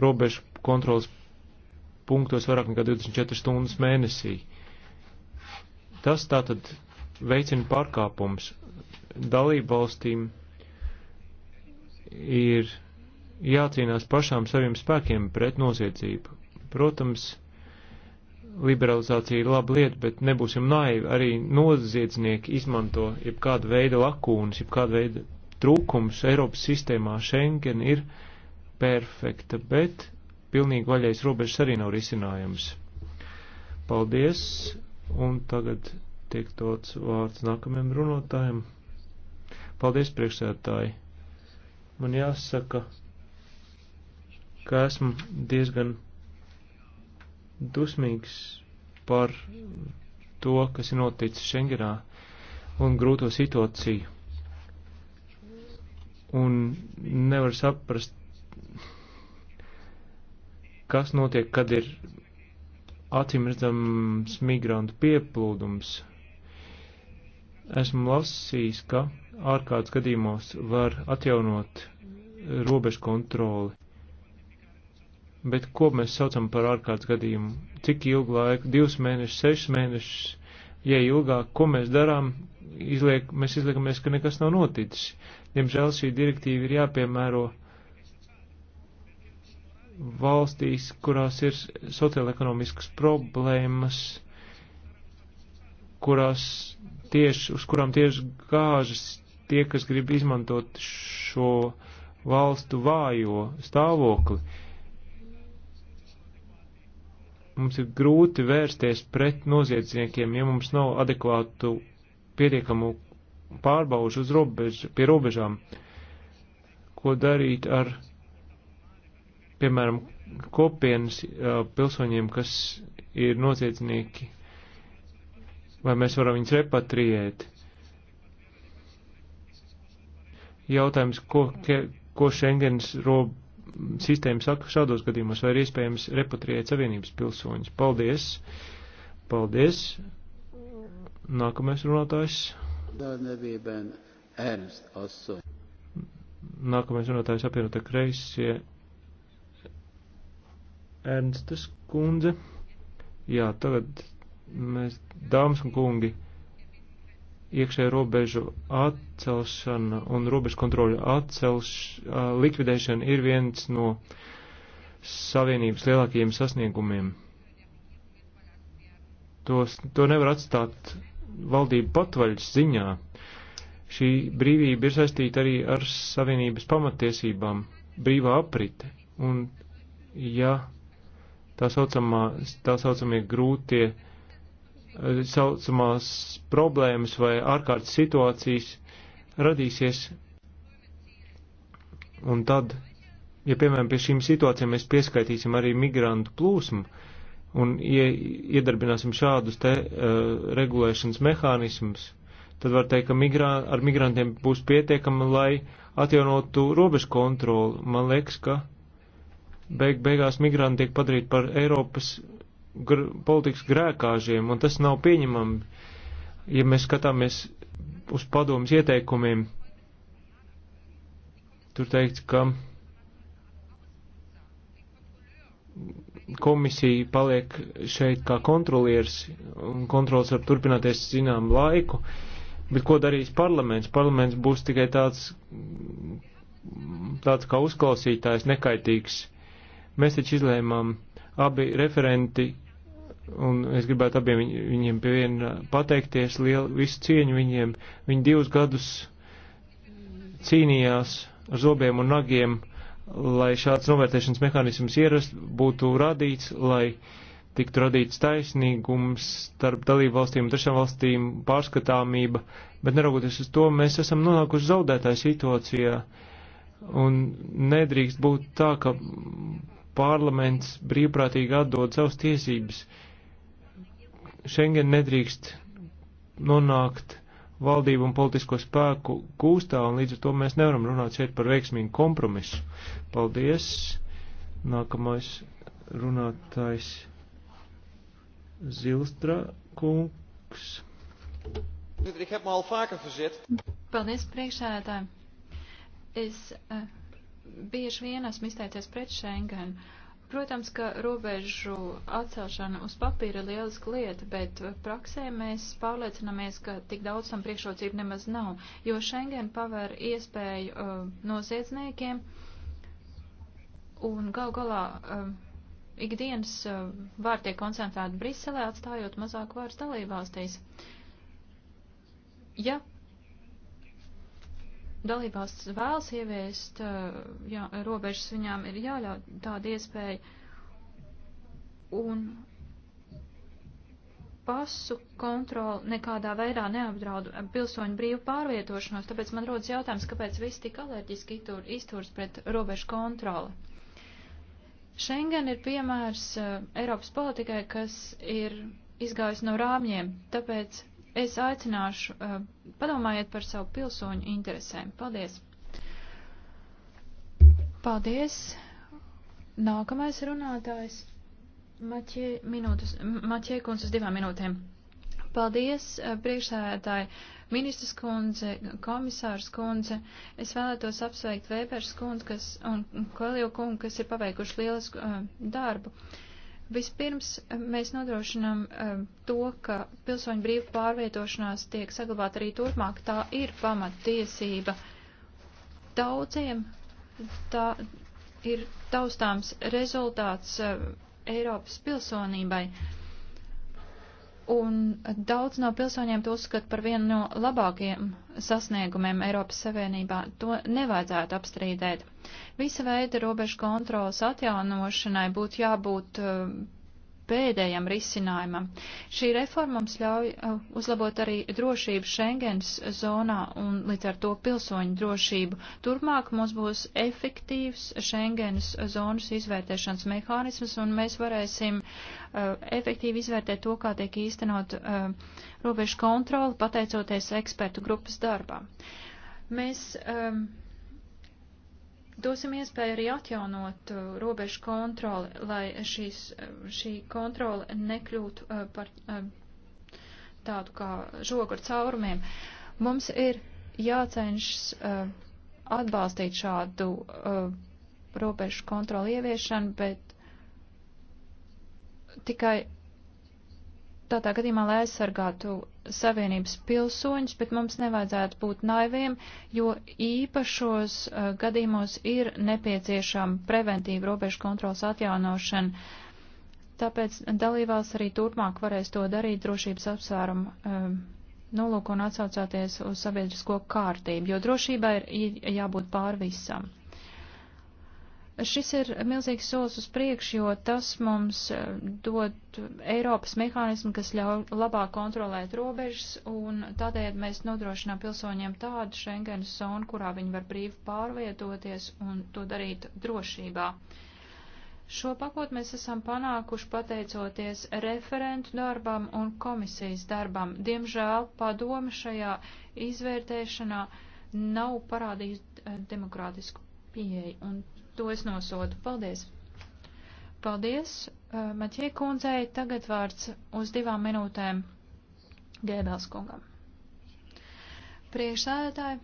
[SPEAKER 1] robežu kontrolas punktos vairāk nekā 24 stundas mēnesī. Tas tātad veicina pārkāpums. Dalību valstīm ir jācīnās pašām saviem spēkiem pret noziedzību. Protams, liberalizācija ir laba lieta, bet nebūsim naivi, arī noziedznieki izmanto jebkādu veidu lakūnas, jebkādu veidu trūkums Eiropas sistēmā Schengen ir perfekta, bet pilnīgi vaļais robežas arī nav risinājums. Paldies, un tagad tiek dots vārds nākamajam runātājam. Paldies, priekšsētāji. Man jāsaka, ka esmu diezgan dusmīgs par to, kas ir noticis Šengenā un grūto situāciju. Un nevar saprast, kas notiek, kad ir acīm redzams migrantu pieplūdums. Esmu lasījis, ka ārkārtas gadījumos var atjaunot robežu kontroli bet ko mēs saucam par ārkārtas gadījumu? Cik ilgu laiku? Divus mēnešus, sešus mēnešus, ja ilgāk, ko mēs darām, izliek, mēs izliekamies, ka nekas nav noticis. Diemžēl šī direktīva ir jāpiemēro valstīs, kurās ir sociālaekonomiskas problēmas, kurās tieši, uz kurām tieši gāžas tie, kas grib izmantot šo valstu vājo stāvokli. Mums ir grūti vērsties pret noziedzniekiem, ja mums nav adekvātu pietiekamu pārbaužu uz robež, pie robežām. Ko darīt ar, piemēram, kopienas uh, pilsoņiem, kas ir noziedznieki? Vai mēs varam viņus repatriēt? Jautājums, ko, ke, ko Schengens robežas sistēma saka šādos gadījumos, vai ir iespējams repatriēt savienības pilsoņus. Paldies! Paldies! Nākamais runātājs. Nākamais runātājs apvienotā kreisie Ernstas kundze. Jā, tagad mēs, dāmas un kungi iekšēju robežu atcelšana un robežu kontroļu atcelš, likvidēšana ir viens no savienības lielākajiem sasniegumiem. Tos, to nevar atstāt valdību patvaļas ziņā. Šī brīvība ir saistīta arī ar savienības pamatiesībām, brīvā aprite. Un, ja tā, saucamā, tā saucamie grūtie uh, Eh, saucamās problēmas vai ārkārtas situācijas radīsies. Un tad, ja piemēram pie šīm situācijām mēs pieskaitīsim arī migrantu plūsmu un ie, iedarbināsim šādus te uh, regulēšanas mehānismus, tad var teikt, ka migrā, ar migrantiem būs pietiekami, lai atjaunotu robežu kontroli. Man liekas, ka beig, beigās migranti tiek padarīti par Eiropas gr politikas grēkāžiem, un tas nav pieņemami. Ja mēs skatāmies uz padomus ieteikumiem, tur teikt, ka komisija paliek šeit kā kontrolieris, un kontrols var turpināties zinām laiku, bet ko darīs parlaments? Parlaments būs tikai tāds, tāds kā uzklausītājs, nekaitīgs. Mēs taču izlēmām abi referenti Un es gribētu abiem viņiem pie viena pateikties, lielu visu cieņu viņiem. Viņi divus gadus cīnījās ar zobiem un nagiem, lai šāds novērtēšanas mehānisms ierast būtu radīts, lai tiktu radīts taisnīgums starp dalību valstīm un trešām valstīm pārskatāmība, bet neraugoties uz to, mēs esam nonākuši zaudētāju situācijā. Un nedrīkst būt tā, ka parlaments brīvprātīgi atdod savas tiesības. Uh, Schengen nedrīkst nonākt valdību un politisko spēku gūstā, un līdz ar to mēs nevaram runāt šeit par veiksmīgu kompromisu. Paldies! Nākamais runātājs Zilstra kungs.
[SPEAKER 3] Paldies, priekšsēdētāji! Es uh, bieži vien esmu izteicies pret Schengenu. Uh, Protams, ka robežu atcelšana uz papīra ir lieliska lieta, bet praksē mēs pārliecinamies, ka tik daudz tam priekšrocību nemaz nav, jo Schengen paver iespēju uh, noziedzniekiem un gal galā uh, ikdienas uh, vārti tiek koncentrēti Briselē, atstājot mazāk vārds dalībvalstīs. Ja dalībvalsts vēlas ieviest eh, jā, robežas, viņām ir jāļauj tāda iespēja. Un pasu kontroli nekādā veidā neapdraud pilsoņu brīvu pārvietošanos, tāpēc man rodas jautājums, kāpēc visi tik alerģiski izturs pret robežu kontroli. Schengen ir piemērs uh, Eiropas politikai, kas ir izgājusi no rāmjiem, tāpēc es aicināšu eh, padomājiet par savu pilsoņu interesēm. Paldies! Paldies! Nākamais runātājs Maķie, minūtes, Maķie kundze uz divām minūtēm. Paldies, eh, priekšsēdētāji, ministrs kundze, komisārs kundze. Es vēlētos apsveikt Vēbers kundze kas, un Kalio kungu, kas ir paveikuši lielisku uh, darbu. Uh, Vispirms eh, mēs nodrošinām um, to, ka pilsoņu brīvu pārvietošanās tiek saglabāta arī turpmāk. Tā ir pamattiesība. Daudziem tā ir taustāms rezultāts um, Eiropas pilsonībai. Uh, Un daudz no pilsoņiem to uzskata par vienu no labākajiem sasniegumiem Eiropas Savienībā. To nevajadzētu apstrīdēt. Visa veida robežu kontrolas atjaunošanai būtu jābūt eh, pēdējam risinājumam. Šī reforma mums ļauj uh, uzlabot arī drošību Schengens zonā un līdz ar to pilsoņu drošību. Turmāk mums būs efektīvs Schengens zonas izvērtēšanas mehānisms un mēs varēsim uh, efektīvi izvērtēt to, kā tiek īstenot uh, robežu kontroli, pateicoties ekspertu grupas darbām. Mēs um, uh, dosim iespēju arī atjaunot uh, robežu kontroli, lai šīs, uh, šī kontrole nekļūtu uh, par uh, tādu kā žogu ar caurumiem. Mums ir jācenšas uh, atbalstīt šādu uh, robežu kontroli ieviešanu, bet tikai tādā gadījumā, lai aizsargātu Savienības pilsoņus, bet mums nevajadzētu būt naiviem, jo īpašos uh, gadījumos ir nepieciešama preventīva robežu kontrols atjaunošana. Tāpēc dalībās arī turpmāk varēs to darīt drošības apsvērumu um, nolūku un atsaucāties uz sabiedrisko kārtību, jo drošībai ir jābūt pār visam. Šis ir milzīgs solis uz priekšu, jo tas mums eh, dod Eiropas mehānismu, kas ļauj labāk kontrolēt robežas, un tādējādi mēs nodrošinām pilsoņiem tādu Schengenas zonu, kurā viņi var brīvi pārvietoties un to darīt drošībā. Šo pakotu mēs esam panākuši pateicoties referentu darbam un komisijas darbam. Diemžēl padome šajā izvērtēšanā nav parādījusi eh, demokrātisku pieeju, un To es nosodu. Paldies! Paldies, uh, Maķie kundzei. Tagad vārds uz divām minūtēm Gēbels kungam. Priekšsēdētāji,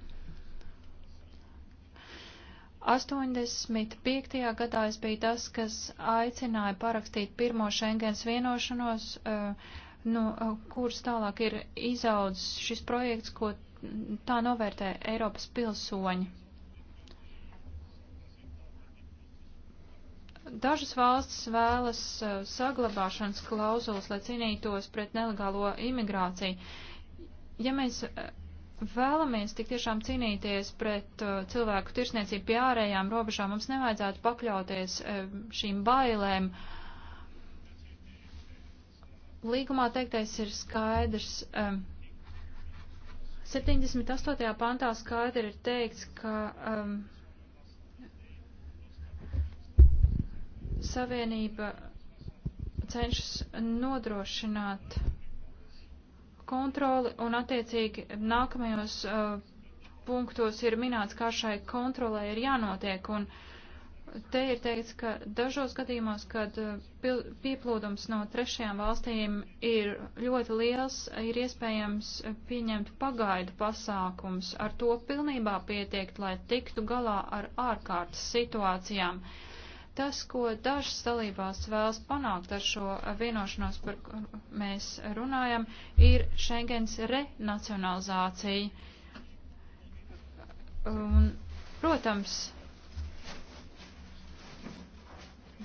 [SPEAKER 3] 85. gadā es biju tas, kas aicināja parakstīt pirmo Schengens vienošanos, uh, no nu, uh, kuras tālāk ir izaudzis šis projekts, ko tā novērtē Eiropas pilsoņi. Dažas valstis vēlas uh, saglabāšanas klauzulas, lai cīnītos pret nelegālo imigrāciju. Ja mēs uh, vēlamies tik tiešām cīnīties pret uh, cilvēku tirsniecību pie ārējām robežām, mums nevajadzētu pakļauties šīm bailēm. Līgumā teiktais ir skaidrs. 78. Um, pantā skaidri ir teikts, ka um, Savienība cenšas nodrošināt kontroli un attiecīgi nākamajos uh, punktos ir minēts, kā šai kontrolē ir jānotiek. Un te ir teikts, ka dažos gadījumos, kad uh, pil, pieplūdums no trešajām valstīm ir ļoti liels, ir iespējams pieņemt pagaidu pasākums. Ar to pilnībā pietiekt, lai tiktu galā ar ārkārtas situācijām. Uh, Tas, ko dažas dalībās vēlas panākt ar šo vienošanos, par kur mēs runājam, ir Schengens renacionalizācija. Un, protams,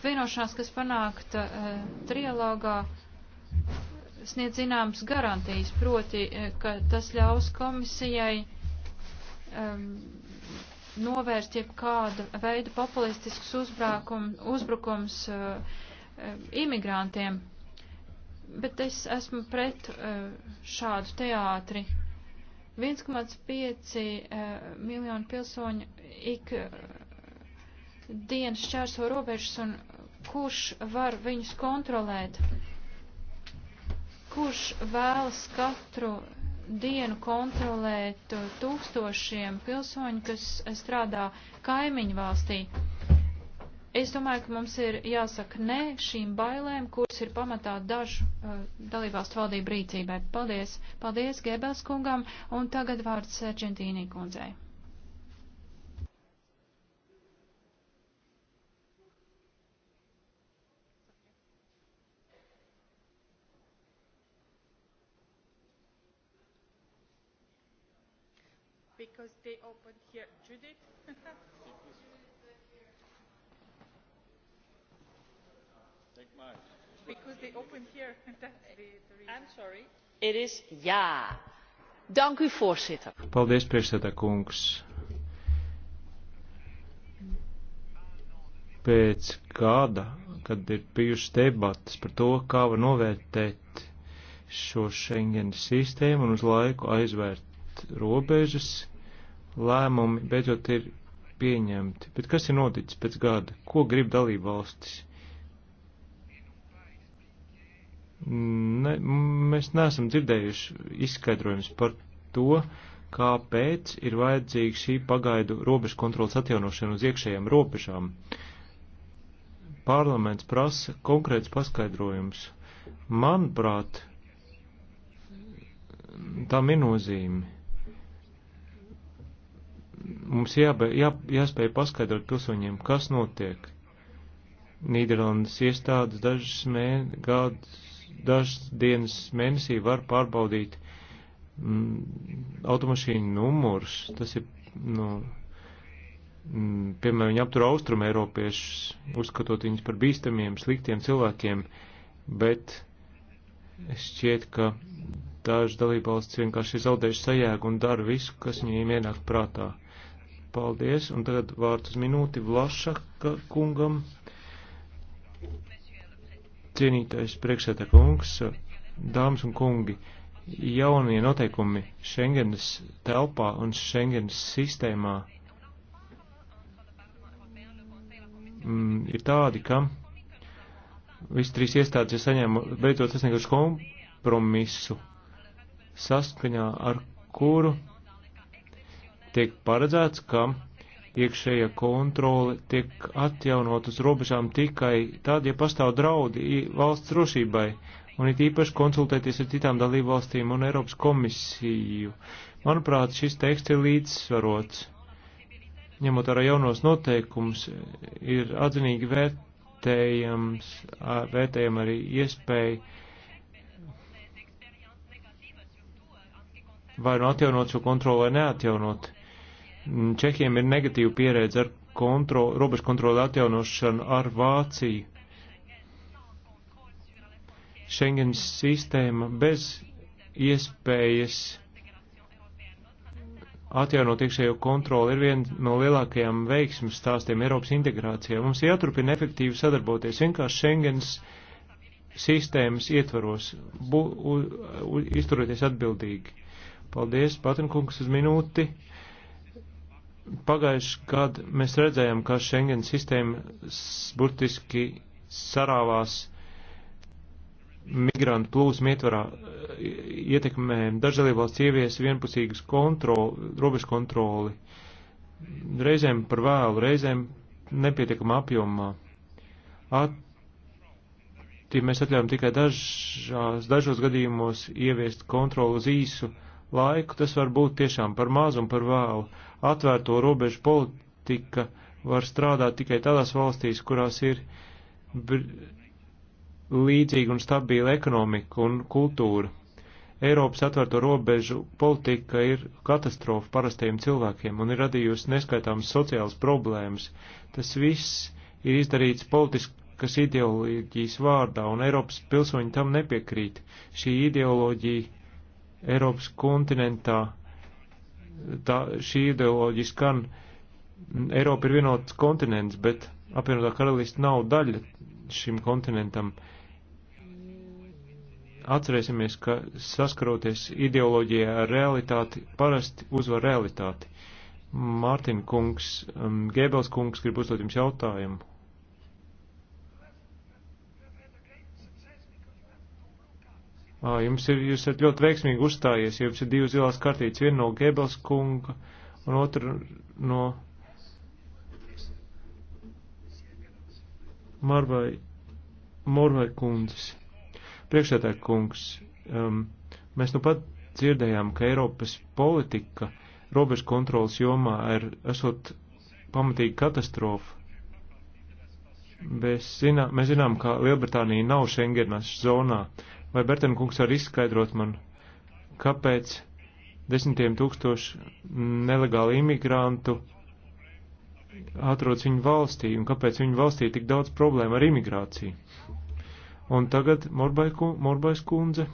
[SPEAKER 3] vienošanās, kas panākta uh, trialogā, sniedz zināmas garantijas, proti, eh, ka tas ļaus komisijai um, novērst jebkādu veidu populistiskus uzbrukums uh, uh, imigrantiem. Bet es esmu pret uh, šādu teātri. 1,5 uh, miljonu pilsoņu ik uh, dienas šķērso robežas un kurš var viņus kontrolēt? Kurš vēlas katru dienu kontrolēt uh, tūkstošiem pilsoņu, kas strādā kaimiņu valstī. Es domāju, ka mums ir jāsaka nē šīm bailēm, kuras ir pamatā dažu uh, dalībvalstu valdību rīcībai. Paldies, paldies Gebels kungam, un tagad vārds Čentīnī kundzei. because they opened here. Judith? Take mine. Because they opened here. That's the, the reason. I'm sorry. It is jā. Dank u, voorzitter.
[SPEAKER 1] Paldies, priekšsēdā kungs. Pēc kāda, kad ir bijušas debatas par to, kā var novērtēt šo Schengen sistēmu un uz laiku aizvērt robežas, lēmumi beidzot ir pieņemti. Bet kas ir noticis pēc gada? Ko grib dalība valstis? Ne, mēs neesam dzirdējuši izskaidrojums par to, kāpēc ir vajadzīga šī pagaidu robežu kontrolas atjaunošana uz iekšējām robežām. Parlaments prasa konkrēts paskaidrojums. Manuprāt, tam ir nozīme. Mums jābe, jā, jāspēj paskaidrot pilsoņiem, kas notiek. Nīderlandes iestādes dažas mēne, gadus, dažas dienas mēnesī var pārbaudīt mm, automašīnu numurus. Tas ir, nu, mm, piemēram, viņi aptur austrum eiropiešus, uzskatot viņus par bīstamiem, sliktiem cilvēkiem, bet šķiet, ka daži dalībvalsts vienkārši zaudējuši sajēgu un dara visu, kas viņiem ienāk prātā. Paldies, un tagad vārds minūti Vlašaka kungam. Cienītais priekšsētā kungs, dāmas un kungi, jaunie noteikumi Schengenas telpā un Schengenas sistēmā mm, ir tādi, ka visi trīs iestādes ir saņēmuši beidzot sasnieguši kompromisu saskaņā ar kuru tiek paredzēts, ka iekšēja kontrole tiek atjaunot uz robežām tikai tad, ja pastāv draudi valsts drošībai, un it īpaši konsultēties ar citām dalību valstīm un Eiropas komisiju. Manuprāt, šis teksts ir līdzsvarots. Ņemot vērā jaunos noteikumus, ir atzinīgi vērtējams, vērtējam arī iespēju vai nu atjaunot šo kontroli vai neatjaunot Mm, Čehiem ir negatīva pieredze ar kontro, robežu kontroli atjaunošanu ar Vāciju. Schengens sistēma bez iespējas atjaunot iekšējo kontroli ir viena no lielākajām veiksmju stāstiem Eiropas integrācijā. Mums jāturpina efektīvi sadarboties vienkārši Schengens sistēmas ietvaros, bu, u, u, izturoties atbildīgi. Paldies, Patinkungs, uz minūti. Pagājuši, kad mēs redzējām, ka Schengen sistēma burtiski sarāvās migrantu plūsmu ietvarā, ietekmē dažādībvalsts ievies vienpusīgas kontroli, robežu kontroli, reizēm par vēlu, reizēm nepietiekamā apjomā. At, tie mēs atļaujam tikai dažās, dažos gadījumos ieviest kontroli uz īsu laiku tas var būt tiešām par maz un par vēlu. Atvērto robežu politika var strādāt tikai tādās valstīs, kurās ir līdzīga un stabila ekonomika un kultūra. Eiropas atvērto robežu politika ir katastrofa parastiem cilvēkiem un ir radījusi neskaitāmas sociālas problēmas. Tas viss ir izdarīts politiskas ideoloģijas vārdā, un Eiropas pilsoņi tam nepiekrīt. Šī ideoloģija Eiropas kontinentā tā, šī ideoloģiski skan. Eiropa ir vienots kontinents, bet apvienotā karalista nav daļa šim kontinentam. Atcerēsimies, ka saskaroties ideoloģijā ar realitāti, parasti uzvar realitāti. Mārtiņa kungs, um, Gēbels kungs grib uzdot jums jautājumu. Jums ir, jūs esat ļoti veiksmīgi uzstājies, jums ir divas zilās kartītes, viena no Gebels kunga un otra no Marvai, Morvai kundzes. Priekšētāji kungs, um, mēs nu pat dzirdējām, ka Eiropas politika robežu kontrolas jomā ir esot pamatīgi katastrofa. Mēs, zinā, mēs zinām, ka Lielbritānija nav Schengenas zonā. Vai Bertena kungs var izskaidrot man, kāpēc desmitiem tūkstoši nelegāli imigrantu atrodas viņu valstī un kāpēc viņu valstī tik daudz problēmu ar imigrāciju? Un tagad Morbai, Morbais kundze.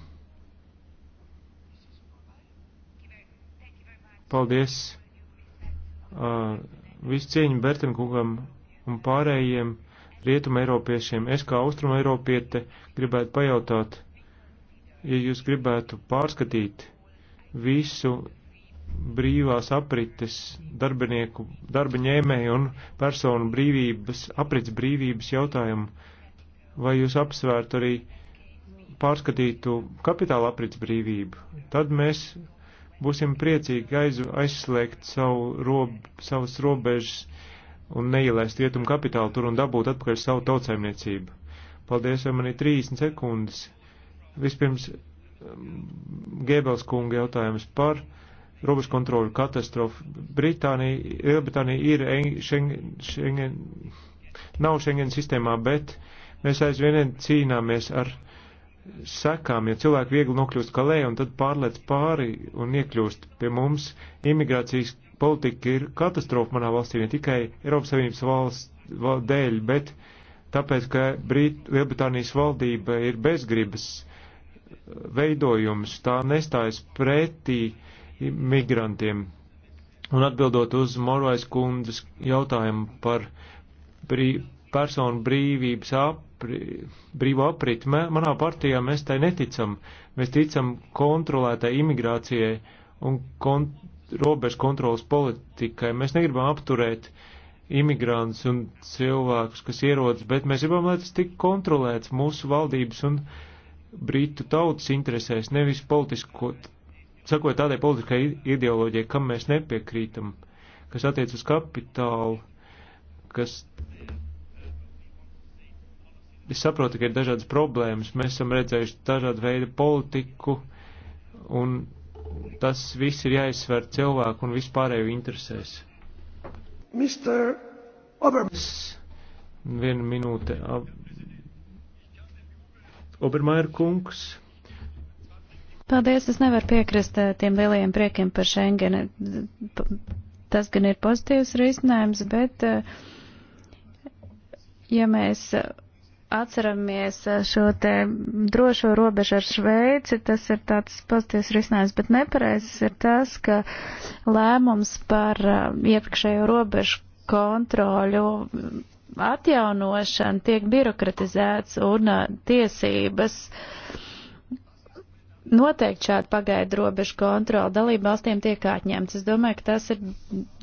[SPEAKER 1] Paldies uh, visu cieņu Bertena kungam un pārējiem rietuma eiropiešiem. Es kā austruma eiropiete gribētu pajautāt, ja jūs gribētu pārskatīt visu brīvās aprites darbinieku, darba ņēmēju un personu brīvības, aprits brīvības jautājumu, vai jūs apsvērtu arī pārskatītu kapitāla aprits brīvību, tad mēs būsim priecīgi aiz, aizslēgt savu rob, savas robežas un neielēst rietumu kapitālu tur un dabūt atpakaļ savu tautsēmniecību. Paldies, vai man ir 30 sekundes. Vispirms um, Gēbels kunga jautājums par robežu kontroļu katastrofu. Britānija, Lielbritānija ir Schengen, Schengen, nav Schengen sistēmā, bet mēs aizvien cīnāmies ar sekām, ja cilvēki viegli nokļūst kalē un tad pārlec pāri un iekļūst pie mums. Imigrācijas politika ir katastrofa manā valstī ne tikai Eiropas Savienības valsts val, dēļ, bet tāpēc, ka Brīt, Lielbritānijas valdība ir bezgribas veidojums, tā nestājas pretī migrantiem. Un atbildot uz Morvais kundzes jautājumu par brī, personu brīvības apri, brīvo aprit, mē, manā partijā mēs tai neticam. Mēs ticam kontrolētai imigrācijai un kont robežu kontrolas politikai. Mēs negribam apturēt imigrants un cilvēkus, kas ierodas, bet mēs gribam, lai tas tik kontrolēts mūsu valdības un uh, Britu tautas interesēs, nevis politisko, sakot tādai politiskai ideoloģijai, kam mēs nepiekrītam, kas attiec uz kapitālu, kas. Es saprotu, ka ir dažādas problēmas, mēs esam redzējuši dažādu veidu politiku, un tas viss ir jāizsver cilvēku un vispārēju interesēs. Mr. Obermans. Viena minūte. Ab Obermaier kungs.
[SPEAKER 2] Paldies, es nevaru piekrist eh, tiem lielajiem priekiem par Schengeni. Tas gan ir pozitīvs risinājums, bet eh, ja mēs atceramies eh, šo te drošo robežu ar Šveici, tas ir tāds pozitīvs risinājums, bet nepareizs ir tas, ka lēmums par iepriekšējo robežu kontroļu atjaunošana tiek birokratizēts un uh, tiesības noteikt šādu pagaidu robežu kontroli dalību valstīm tiek atņemts. Es domāju, ka tas ir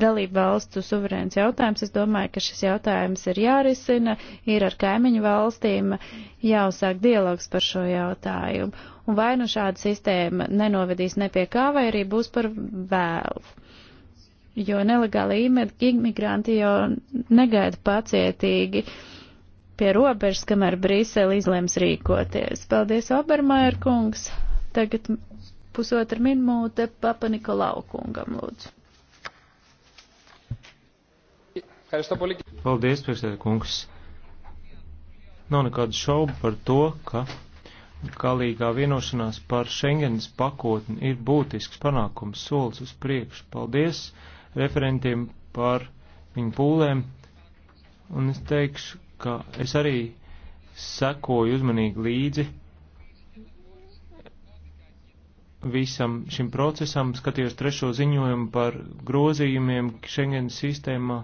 [SPEAKER 2] dalību valstu suverēns jautājums. Es domāju, ka šis jautājums ir jārisina, ir ar kaimiņu valstīm jāuzsāk dialogs par šo jautājumu. Un vai nu šāda sistēma nenovedīs ne pie kā, vai arī būs par vēlu jo nelegāli imigranti jau negaida pacietīgi pie robežas, kamēr Brisele izlems rīkoties. Paldies, Obermajer kungs. Tagad pusotra minūte Papa Nikolau kungam, lūdzu. Paldies,
[SPEAKER 1] priekšsēdē kungs. Nav nekādu šaubu par to, ka galīgā vienošanās par Schengenas pakotni ir būtisks panākums solis uz priekšu. Paldies! referentiem par viņu pūlēm, un es teikšu, ka es arī sekoju uzmanīgi līdzi visam šim procesam, skatījos trešo ziņojumu par grozījumiem Schengen sistēmā.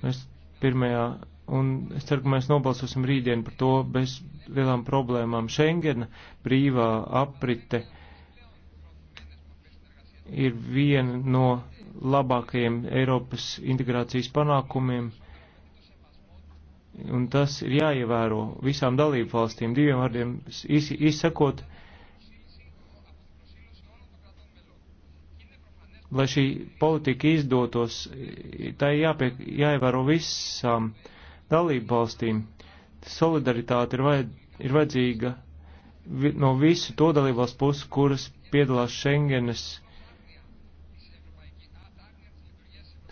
[SPEAKER 1] Mēs pirmajā, un es ceru, ka mēs nobalsosim rītdien par to bez lielām problēmām. Schengena brīvā aprite ir viena no labākajiem Eiropas integrācijas panākumiem, un tas ir jāievēro visām dalību valstīm. Diviem vārdiem izsakot, lai šī politika izdotos, tai jāpie, jāievēro visām dalību valstīm. Solidaritāte ir, vajad, ir vajadzīga no visu to dalībvalstu puses, kuras piedalās Schengenes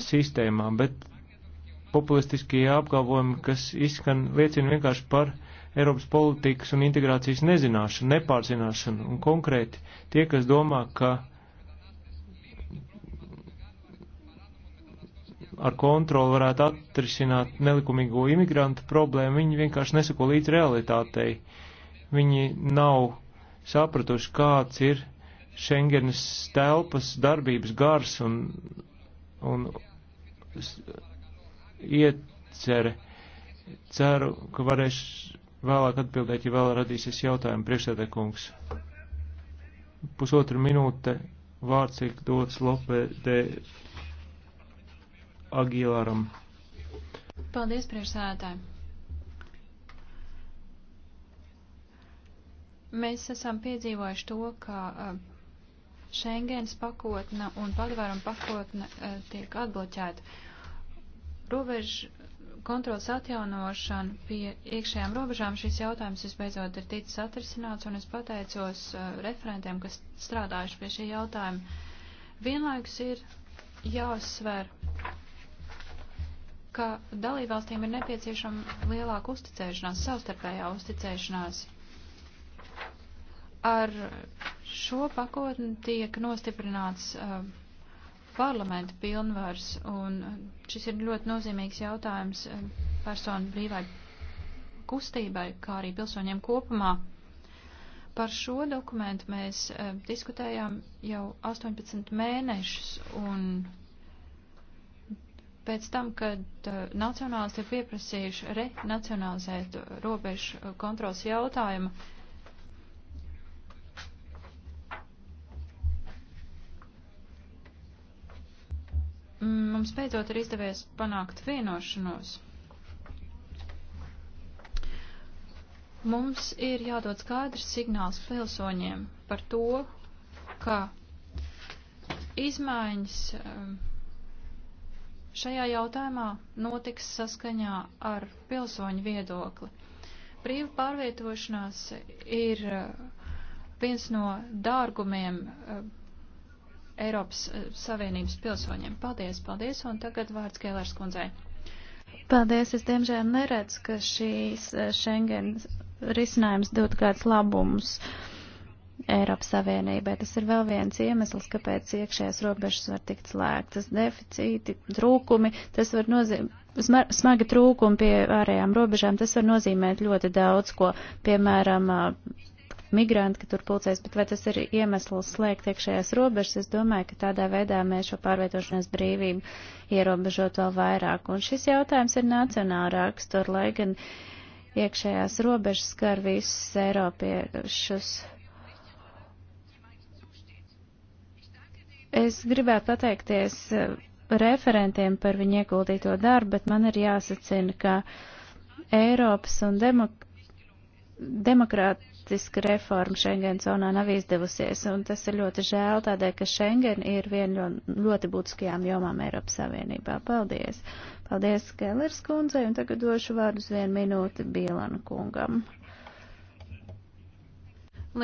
[SPEAKER 1] sistēmā, bet populistiskie apgalvojumi, kas izskan, liecina vienkārši par Eiropas politikas un integrācijas nezināšanu, nepārzināšanu un konkrēti tie, kas domā, ka ar kontroli varētu atrisināt nelikumīgo imigrantu problēmu, viņi vienkārši nesako līdz realitātei. Viņi nav sapratuši, kāds ir Schengenas telpas darbības gars un, un Uh, iecere. Ceru, ka varēšu vēlāk atbildēt, ja vēl radīsies jautājumi priekšsēdē kungs. Pusotra minūte vārds tiek dots Lope de Agilāram.
[SPEAKER 3] Paldies, priekšsēdētāji. Mēs esam piedzīvojuši to, ka uh, Schengens pakotne un padvaram pakotne eh, tiek atbloķēta. Robežu kontrols atjaunošana pie iekšējām robežām šis jautājums visbeidzot ir ticis atrisināts, un es pateicos eh, referentiem, kas strādājuši pie šī jautājuma. Vienlaikus ir jāuzsver, ka dalībvalstīm ir nepieciešama lielāka uzticēšanās, savstarpējā uzticēšanās. Ar šo pakotni tiek nostiprināts uh, parlamenta pilnvars, un šis ir ļoti nozīmīgs jautājums uh, personu brīvai kustībai, kā arī pilsoņiem kopumā. Par šo dokumentu mēs uh, diskutējām jau 18 mēnešus, un pēc tam, kad uh, nacionālisti ir pieprasījuši renacionalizēt robežu uh, kontrols jautājumu, Mm, mums beidzot ir izdevies panākt vienošanos. Mums ir jādod skaidrs signāls pilsoņiem par to, ka izmaiņas um, šajā jautājumā notiks saskaņā ar pilsoņu viedokli. Brīva pārvietošanās ir uh, viens no dārgumiem uh, Eiropas eh, Savienības pilsoņiem. Paldies, paldies, un tagad vārds Kēlērs kundzei.
[SPEAKER 2] Paldies, es diemžēl neredzu, ka šīs eh, Schengen risinājums dotu kāds labums. Eiropas Savienībai. Tas ir vēl viens iemesls, kāpēc iekšējās robežas var tikt slēgtas. Deficīti, trūkumi, tas var nozīmēt, smagi trūkumi pie ārējām robežām, tas var nozīmēt ļoti daudz, ko, piemēram, eh, migranti, ka tur pulcēs, bet vai tas ir iemesls slēgt iekšējās robežas? Es domāju, ka tādā veidā mēs šo pārvietošanās brīvību ierobežot vēl vairāk. Un šis jautājums ir nacionāla rakstura, lai gan iekšējās robežas skar visus Eiropiešus. Es gribētu pateikties eh, referentiem par viņu ieguldīto darbu, bet man ir jāsacina, ka Eiropas un demokrātija demokrātiska reforma Schengen zonā nav izdevusies, un tas ir ļoti žēl, tādēļ, ka Schengen ir viena no ļoti būtiskajām jomām Eiropas Savienībā. Paldies! Paldies Kellers kundzei, un tagad došu vārdu uz vienu minūti Bielana kungam.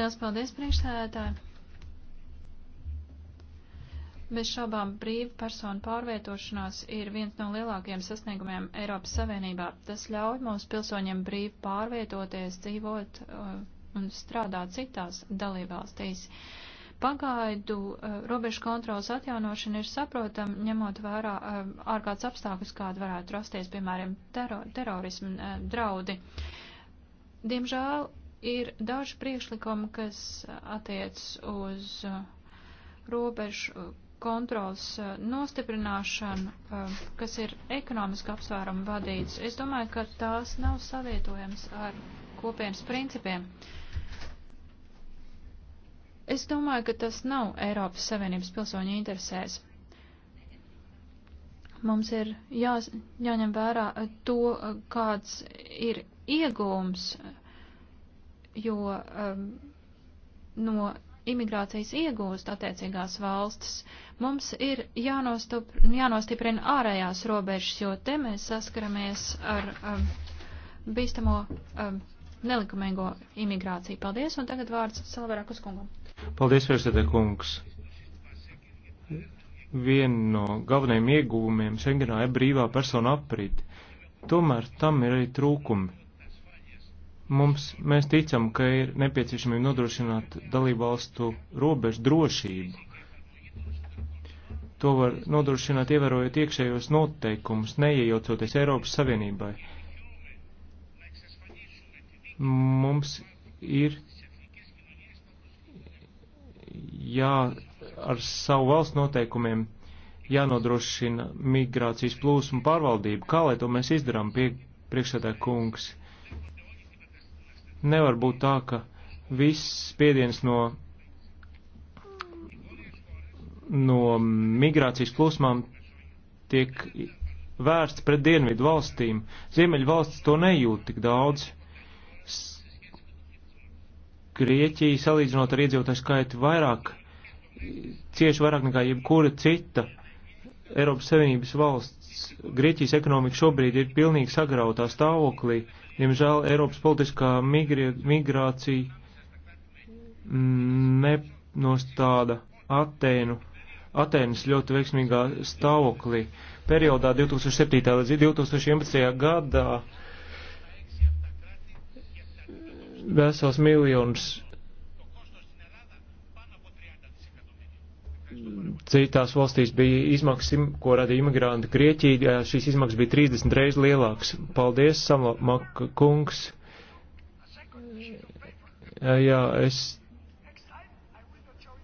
[SPEAKER 3] Liels paldies, priekšstādātāji! Bez šaubām brīva persona pārvietošanās ir viens no lielākajiem sasniegumiem Eiropas Savienībā. Tas ļauj mūsu pilsoņiem brīvi pārvietoties, dzīvot uh, un strādāt citās dalībvalstīs. Pagaidu uh, robežu kontrolas atjaunošana ir saprotama, ņemot vērā uh, ārkārtas apstākļus, kāda varētu rasties, piemēram, tero terorismu uh, draudi. Diemžēl ir daži priekšlikumi, kas attiec uz uh, robežu kontrols eh, nostiprināšanu, eh, kas ir ekonomiski apsvērumu vadīts, es domāju, ka tās nav savietojams ar kopienas principiem. Es domāju, ka tas nav Eiropas Savienības pilsoņu interesēs. Mums ir jā, jāņem vērā eh, to, kāds ir iegūms, jo um, no imigrācijas iegūst attiecīgās valstis. Uh, Mums ir jānostup, jānostiprina ārējās robežas, jo te mēs saskaramies ar um, bīstamo um, nelikumīgo imigrāciju. Paldies, un tagad vārds Salvarākus kungam.
[SPEAKER 1] Paldies, Vērsētē kungs. Viena no galvenajiem ieguvumiem Schengenā ir brīvā persona aprīt. Tomēr tam ir arī trūkumi mums, mēs ticam, ka ir nepieciešami nodrošināt dalībvalstu robežu drošību. To var nodrošināt ievērojot iekšējos noteikumus, neiejaucoties Eiropas Savienībai. Mums ir jā, ar savu valsts noteikumiem jānodrošina migrācijas plūsmu pārvaldību. Kā lai to mēs izdarām, pie, priekšsēdā kungs? Nevar būt tā, ka viss spiediens no no migrācijas plūsmām tiek vērsts pret dienvidu valstīm. Ziemeļu valsts to nejūt tik daudz. Grieķija, salīdzinot ar iedzīvotāju skaitu, vairāk, cieši vairāk nekā jebkura cita Eiropas Savienības valsts. Grieķijas ekonomika šobrīd ir pilnīgi sagrautā stāvoklī. Diemžēl Eiropas politiskā migri, migrācija mm, nenostāda Atēnu Atēnas ļoti veiksmīgā stāvoklī. Periodā 2007. līdz 2011. gadā vesels miljonus citās valstīs bija izmaksas, ko radīja imigranti Grieķijā. Šīs izmaksas bija 30 reizes lielākas. Paldies, Samla Maka kungs. Jā, es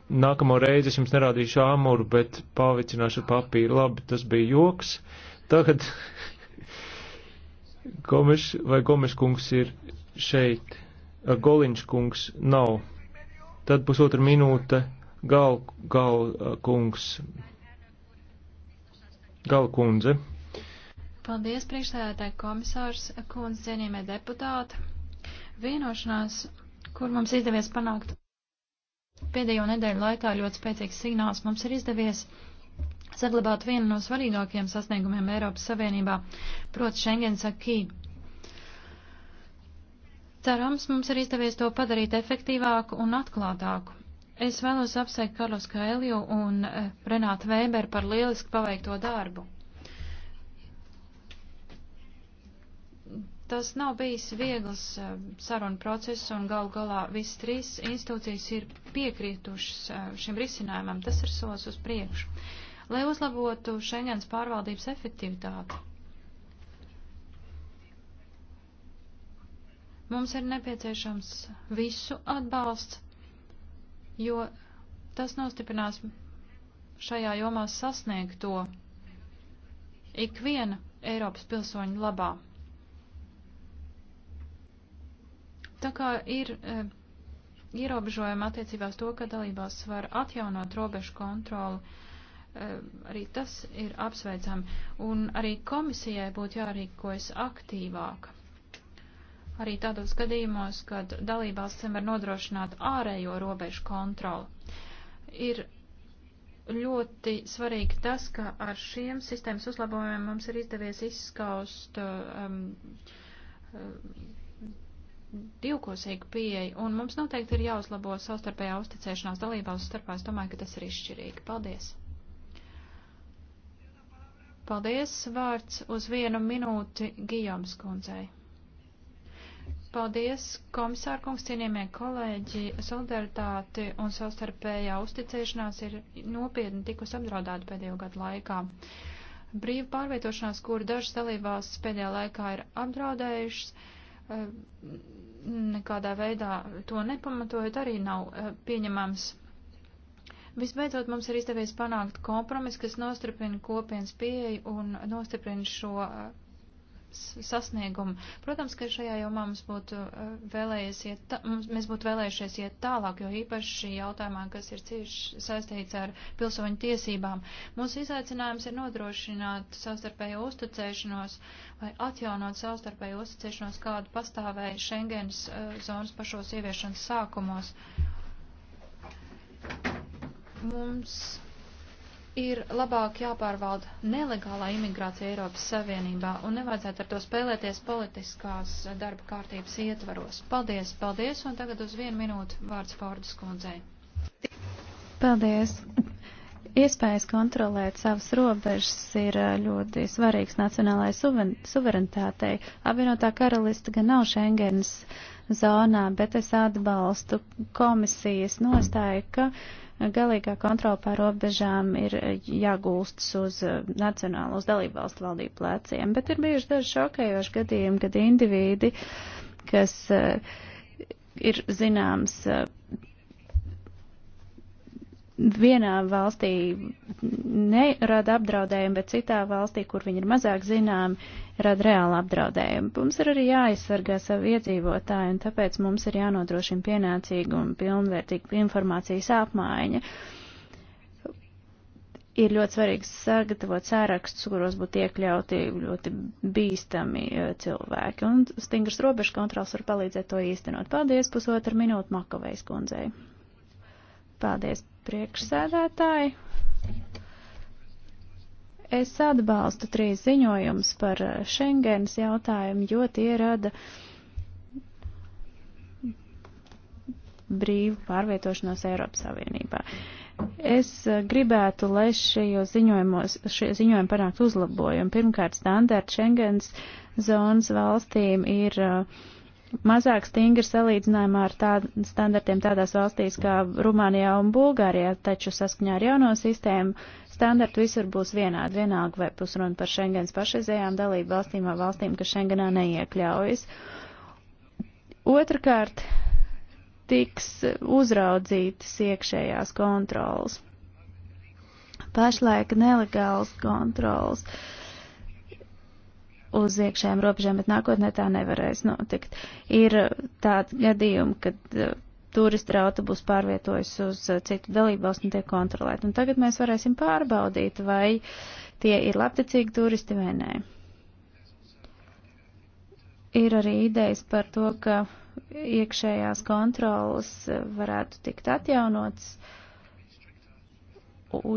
[SPEAKER 1] nākamo reizi es jums nerādīšu āmuru, bet pavicināšu papīru. Labi, tas bija joks. Tagad Gomes vai Gomes kungs ir šeit, Goliņš kungs nav. Tad pusotra minūte Gal, gal kungs. Gal kundze.
[SPEAKER 3] Paldies, priekšstādātāji komisārs, kundze, cienījamie deputāti. Vienošanās, kur mums izdevies panākt Pēdējo nedēļu laikā ļoti spēcīgs signāls mums ir izdevies saglabāt vienu no svarīgākajiem sasniegumiem Eiropas Savienībā, proti Schengens akī. Cerams, mums ir izdevies to padarīt efektīvāku un atklātāku. Es vēlos apsveikt Karlos Kaeliju un eh, Renātu Vēberu par lieliski paveikto darbu. Tas nav bijis viegls eh, saruna process, un gal galā visas trīs institūcijas ir piekrietušas eh, šim risinājumam. Tas ir solis uz priekšu. Lai uzlabotu Schengens pārvaldības efektivitāti, mums ir nepieciešams visu atbalsts, jo tas nostiprinās šajā jomā sasniegto ikviena Eiropas pilsoņa labā. Tā kā ir e, ierobežojumi attiecībās to, ka dalībās var atjaunot robežu kontroli, e, arī tas ir apsveicami. Un arī komisijai būtu jārīkojas aktīvāk. Arī tādos gadījumos, kad dalībvalstīm var nodrošināt ārējo robežu kontroli. Ir ļoti svarīgi tas, ka ar šiem sistēmas uzlabojumiem mums ir izdevies izskaust um, um divkosīgu pieeju, un mums noteikti ir jāuzlabo savstarpējā uzticēšanās dalībvalstu starpā. Es domāju, ka tas ir izšķirīgi. Paldies! Paldies, vārds uz vienu minūti Gijoms kundzei. Paldies, komisār kungs, cienījamie kolēģi, solidaritāti un savstarpējā uzticēšanās ir nopietni tikus apdraudēta pēdējo gadu laikā. Brīva pārvietošanās, kuru dažas dalībās pēdējā laikā ir apdraudējušas, Ehm, nekādā veidā to nepamatojot, arī nav eh, pieņemams. Visbeidzot, mums ir izdevies panākt kompromis, kas nostiprina kopienas pieeju un nostiprina šo eh, sasniegumu. Protams, ka šajā jomā mums būtu eh, vēlējies iet, mums, mēs būtu vēlējušies iet tālāk, jo īpaši jautājumā, kas ir cieši saistīts ar pilsoņu tiesībām. Mūsu izaicinājums ir nodrošināt savstarpēju uzticēšanos vai atjaunot savstarpēju uzticēšanos, kādu pastāvēja Schengens eh, zonas pašos ieviešanas sākumos. Mums ir labāk jāpārvalda nelegālā imigrācija Eiropas Savienībā un nevajadzētu ar to spēlēties politiskās darba kārtības ietvaros. Paldies, paldies, un tagad uz vienu minūtu vārds Fordas kundzei.
[SPEAKER 2] Paldies. Iespējas kontrolēt savas robežas ir ļoti svarīgs nacionālajai suver suverenitātei. Apvienotā karalista gan nav Schengens zonā, bet es atbalstu komisijas nostāju, ka. Uh, galīgā kontrola pār robežām ir jāgulstas uz eh, nacionālos dalībvalstu valdību pleciem, bet ir bijuši daži šokējoši gadījumi, kad individi, kas eh, ir zināms eh, vienā valstī nerada apdraudējumu, bet citā valstī, kur viņi ir mazāk zināmi, rada reāli apdraudējumu. Mums ir arī jāaizsargā savu iedzīvotāju, un tāpēc mums ir jānodrošina pienācīga un pilnvērtīga informācijas apmaiņa. Ir ļoti svarīgi sagatavot sārakstus, kuros būtu iekļauti ļoti bīstami e, cilvēki, un stingrs robežu kontrols var palīdzēt to īstenot. Paldies, pusotra minūte Makovejs kundzei. Paldies, priekšsēdētāji. Es atbalstu trīs ziņojumus par Schengens jautājumu, jo tie rada brīvu pārvietošanos Eiropas Savienībā. Es gribētu, lai šajos ziņojumos, šie ziņojumi panāktu uzlabojumu. Pirmkārt, standārts Schengens zonas valstīm ir uh, mazāk stingri salīdzinājumā ar tād, standartiem tādās valstīs kā Rumānijā un Bulgārijā, taču saskaņā ar jauno sistēmu standarti visur būs vienādi, vienalga vai pusruna par Schengens pašreizējām dalību valstīm vai valstīm, kas Schengenā neiekļaujas. Otrakārt, tiks uzraudzītas iekšējās kontrolas. Pašlaik nelegāls kontrols. Uh, uz iekšējām robežām, bet nākotnē tā nevarēs notikt. Ir tādi gadījumi, kad uh, turistu autobus pārvietojas uz uh, citu dalībvalstu un tiek kontrolēt. Un tagad mēs varēsim pārbaudīt, vai tie ir labticīgi turisti vai nē. Ir arī idejas par to, ka iekšējās kontrolas uh, varētu tikt atjaunotas. Uh,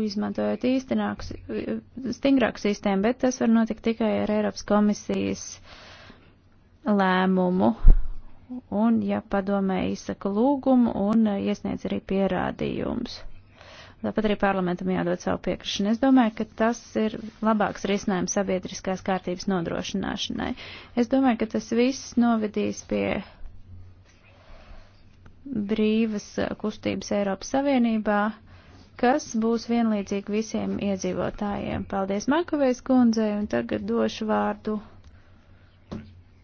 [SPEAKER 2] izmantojot īstenāku, stingrāku sistēmu, bet tas var notikt tikai ar Eiropas komisijas lēmumu. Un, ja padomē izsaka lūgumu un iesniedz arī pierādījumus. Tāpat arī parlamentam jādod savu piekrišanu. Es domāju, ka tas ir labāks risinājums sabiedriskās kārtības nodrošināšanai. Es domāju, ka tas viss novedīs pie brīvas kustības Eiropas Savienībā, kas būs vienlīdzīgi visiem iedzīvotājiem. Paldies Makovejs kundzei, un tagad došu vārdu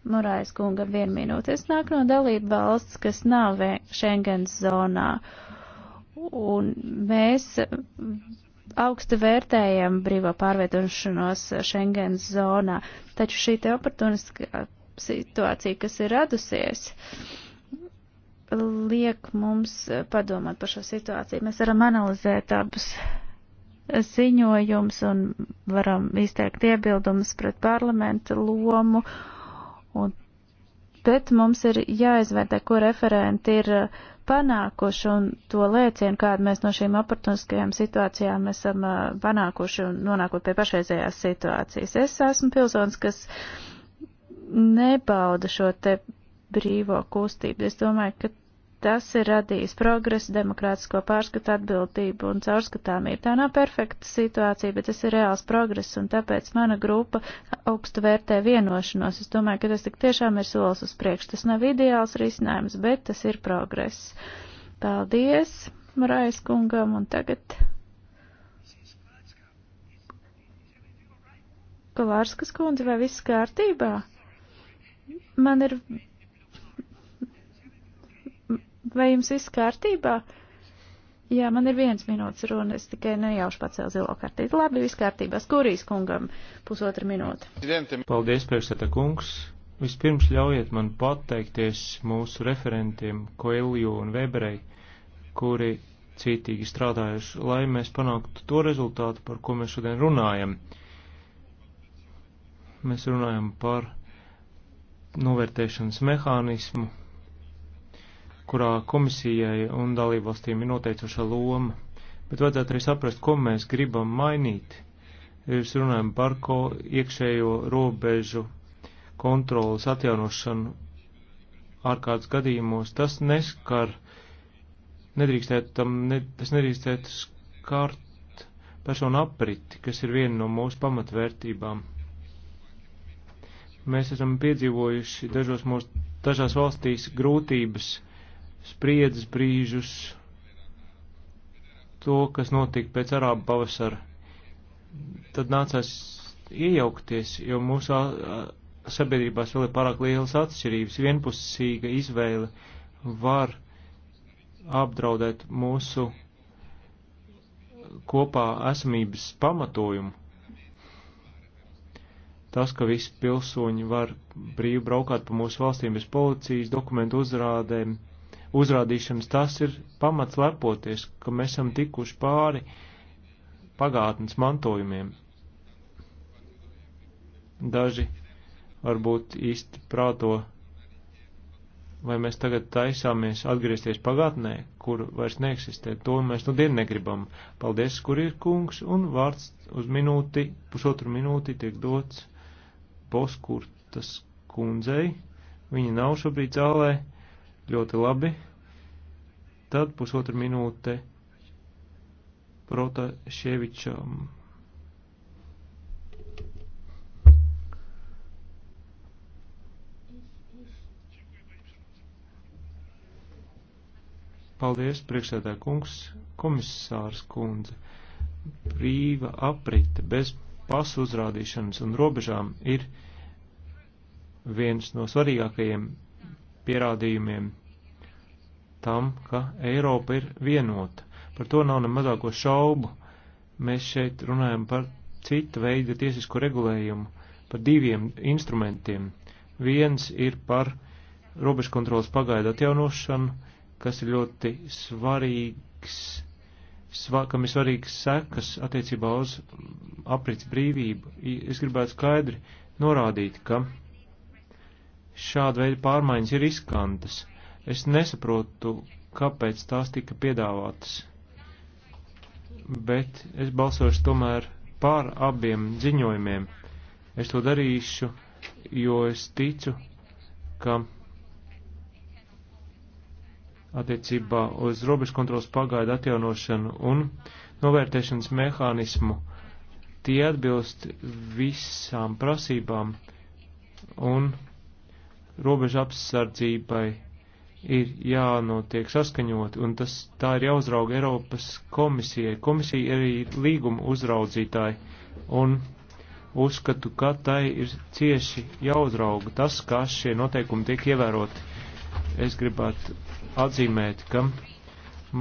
[SPEAKER 2] Morais kungam vienu minūti. Es nāku no dalību valsts, kas nav Schengens zonā, un mēs augstu vērtējam brīvo pārvietošanos Schengens zonā, taču šī te oportuniskā situācija, kas ir radusies, uh, liek mums padomāt par šo situāciju. Mēs varam analizēt abus ziņojums un varam izteikt iebildumus pret parlamenta lomu. Un, bet mums ir jāizvērtē, ko referenti ir panākuši un to lēcienu, kādu mēs no šīm oportuniskajām situācijām esam panākuši un nonākot pie pašreizējās situācijas. Es esmu pilsonis, kas nebauda šo te brīvo kustību. Es domāju, ka tas ir radījis progresu, demokrātisko pārskatu atbildību un caurskatāmību. Tā nav perfekta situācija, bet tas ir reāls progress, un tāpēc mana grupa augstu vērtē vienošanos. Es domāju, ka tas tik tiešām ir solis uz priekšu. Tas nav ideāls risinājums, bet tas ir progress. Paldies Marais kungam, un tagad. Kolārskas kundze, vai viss kārtībā? Man ir Vai jums viss kārtībā? Jā, man ir viens minūtes runa, es tikai nejauši pacēlu zilo kartīti. Labi, viss kārtībā. Skurijas kungam pusotra minūte.
[SPEAKER 1] Paldies, priekšsēta kungs. Vispirms ļaujiet man pateikties mūsu referentiem Koelju un Weberei, kuri cītīgi strādājuši, lai mēs panāktu to rezultātu, par ko mēs šodien runājam. Mēs runājam par novērtēšanas mehānismu, kurā komisijai un dalībvalstīm ir noteicoša loma, bet vajadzētu arī saprast, ko mēs gribam mainīt. Es runājam par ko iekšējo robežu kontrolas atjaunošanu ārkārtas gadījumos. Tas neskar, nedrīkstētu tam, ne, tas nedrīkstētu skart personu apriti, kas ir viena no mūsu pamatvērtībām. Mēs esam piedzīvojuši dažos mūsu, dažās valstīs grūtības spriedzes brīžus, to, kas notika pēc arābu pavasara, tad nācās iejaukties, jo mūsu sabiedrībās vēl ir pārāk lielas atšķirības. Vienpusīga izvēle var apdraudēt mūsu kopā esamības pamatojumu. Tas, ka visi pilsoņi var brīvi braukāt pa mūsu valstīm bez policijas, dokumentu uzrādēm, uzrādīšanas, tas ir pamats lepoties, ka mēs esam tikuši pāri pagātnes mantojumiem. Daži varbūt īsti prāto, vai mēs tagad taisāmies atgriezties pagātnē, kur vairs neeksistē. To mēs nu dienu negribam. Paldies, kur ir kungs, un vārds uz minūti, pusotru minūti tiek dots poskurtas kundzei. Viņa nav šobrīd zālē. Ļoti labi. Tad pusotra minūte Protaševičam. Paldies, priekšsēdā kungs, komisārs kundze. Brīva aprite bez pasu uzrādīšanas un robežām ir viens no svarīgākajiem pierādījumiem tam, ka Eiropa ir vienota. Par to nav ne mazāko šaubu. Mēs šeit runājam par citu veidu tiesisko regulējumu, par diviem instrumentiem. Viens ir par robežkontrolas pagaidu atjaunošanu, kas ir ļoti svarīgs, sva, kam ir svarīgs sekas attiecībā uz aprits brīvību. Es gribētu skaidri norādīt, ka šāda veida pārmaiņas ir riskantas Es nesaprotu, kāpēc tās tika piedāvātas, bet es balsošu tomēr pār abiem ziņojumiem. Es to darīšu, jo es ticu, ka attiecībā uz robežu kontrolas pagaidu atjaunošanu un novērtēšanas mehānismu tie atbilst visām prasībām un robežu apsardzībai ir jānotiek saskaņot, un tas tā ir jāuzrauga Eiropas komisijai. Komisija arī ir līguma uzraudzītāji, un uzskatu, ka tai ir cieši jāuzrauga tas, kā šie noteikumi tiek ievēroti. Es gribētu atzīmēt, ka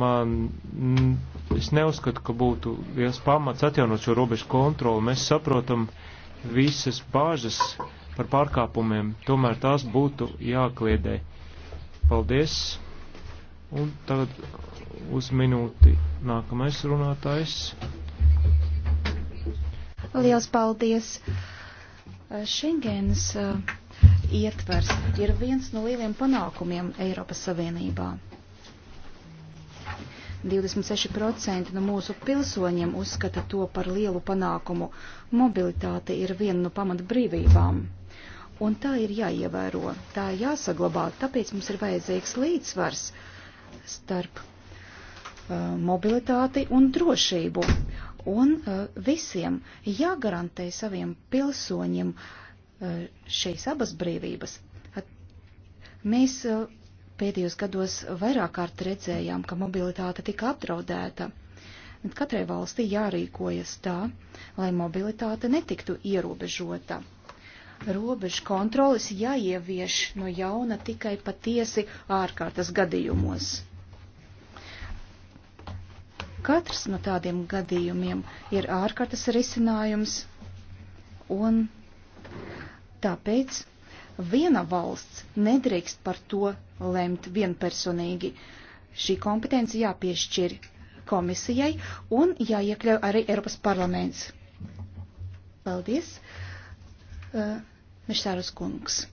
[SPEAKER 1] man, es neuzskatu, ka būtu liels pamats atjaunot šo robežu kontroli. Mēs saprotam visas bāžas par pārkāpumiem, tomēr tās būtu jākliedē Paldies. Un tagad uz minūti nākamais runātājs.
[SPEAKER 4] Liels paldies! Šengens uh, ietvers ir viens no lieliem panākumiem Eiropas Savienībā. 26% no mūsu pilsoņiem uzskata to par lielu panākumu. Mobilitāte ir viena no pamatbrīvībām un tā ir jāievēro, tā jāsaglabā, tāpēc mums ir vajadzīgs līdzsvars starp uh, mobilitāti un drošību. Un uh, visiem jāgarantē saviem pilsoņiem uh, šīs abas brīvības. At, mēs uh, pēdējos gados vairāk kārt redzējām, ka mobilitāte tika apdraudēta. Un katrai valstī jārīkojas tā, lai mobilitāte netiktu ierobežota robežu kontrolas jāievieš no jauna tikai patiesi ārkārtas gadījumos. Katrs no tādiem gadījumiem ir ārkārtas risinājums, un tāpēc viena valsts nedrīkst par to lemt vienpersonīgi. Šī kompetence jāpiešķir komisijai un jāiekļauj arī Eiropas parlaments. Paldies! uh, eh, Mišsāras kungs.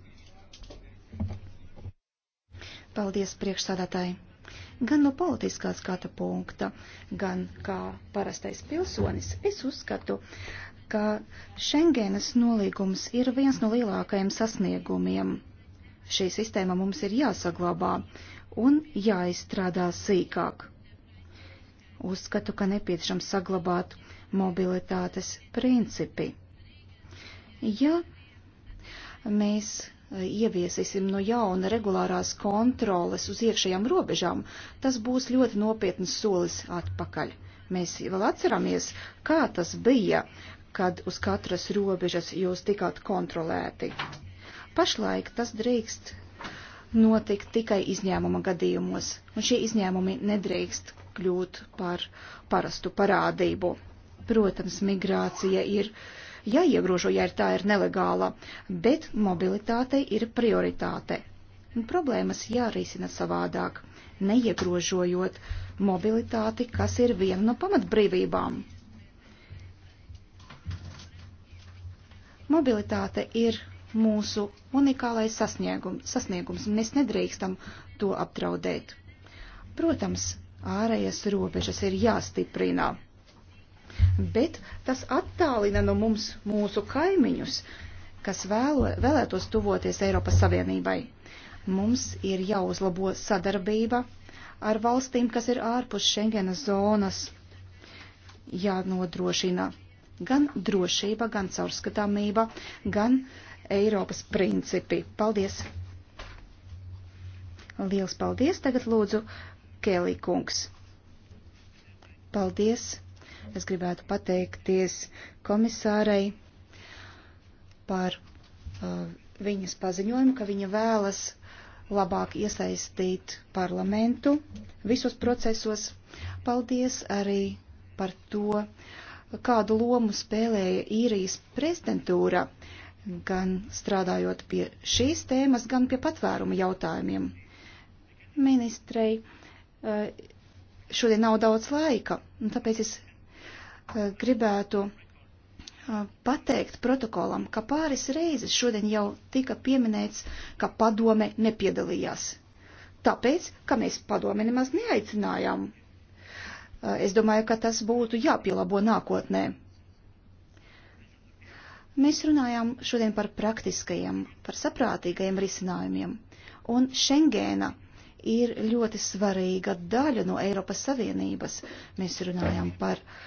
[SPEAKER 4] Paldies priekšsādātāji. Gan no politiskā skata punkta, gan kā parastais pilsonis, es uzskatu, ka Schengenas nolīgums ir viens no lielākajiem sasniegumiem. Šī sistēma mums ir jāsaglabā un jāizstrādā sīkāk. Uzskatu, ka nepieciešams saglabāt mobilitātes principi Ja mēs e, ieviesīsim no jauna regulārās kontroles uz iekšējām robežām, tas būs ļoti nopietns solis atpakaļ. Mēs vēl atceramies, kā tas bija, kad uz katras robežas jūs tikāt kontrolēti. Pašlaik tas drīkst notikt tikai izņēmuma gadījumos, un šie izņēmumi nedrīkst kļūt par parastu parādību. Protams, migrācija ir uh, jāiegrožo, ja ir tā ir nelegāla, bet mobilitāte ir prioritāte. Un problēmas jārisina savādāk, neiegrožojot mobilitāti, kas ir viena no pamatbrīvībām. Mobilitāte ir mūsu unikālais sasniegums, sasniegums un mēs nedrīkstam to apdraudēt. Protams, ārējas robežas ir jāstiprina bet tas attālina no mums mūsu kaimiņus, kas vēl, vēlētos tuvoties Eiropas Savienībai. Mums ir jāuzlabo sadarbība ar valstīm, kas ir ārpus Schengenas zonas. Jānodrošina gan drošība, gan caurskatāmība, gan Eiropas principi. Paldies! Liels paldies! Tagad lūdzu Kēlī kungs. Paldies! Es gribētu pateikties komisārei par uh, viņas paziņojumu, ka viņa vēlas labāk iesaistīt parlamentu visos procesos. Paldies arī par to, kādu lomu spēlēja īrijas prezidentūra, gan strādājot pie šīs tēmas, gan pie patvēruma jautājumiem. Ministrei uh, šodien nav daudz laika, un tāpēc es Eh, gribētu eh, pateikt protokolam, ka pāris reizes šodien jau tika pieminēts, ka padome nepiedalījās. Tāpēc, ka mēs padome nemaz neaicinājām. Eh, es domāju, ka tas būtu jāpielabo nākotnē. Mēs runājām šodien par praktiskajiem, par saprātīgajiem risinājumiem, un Schengēna ir ļoti svarīga daļa no Eiropas Savienības. Mēs runājām par uh,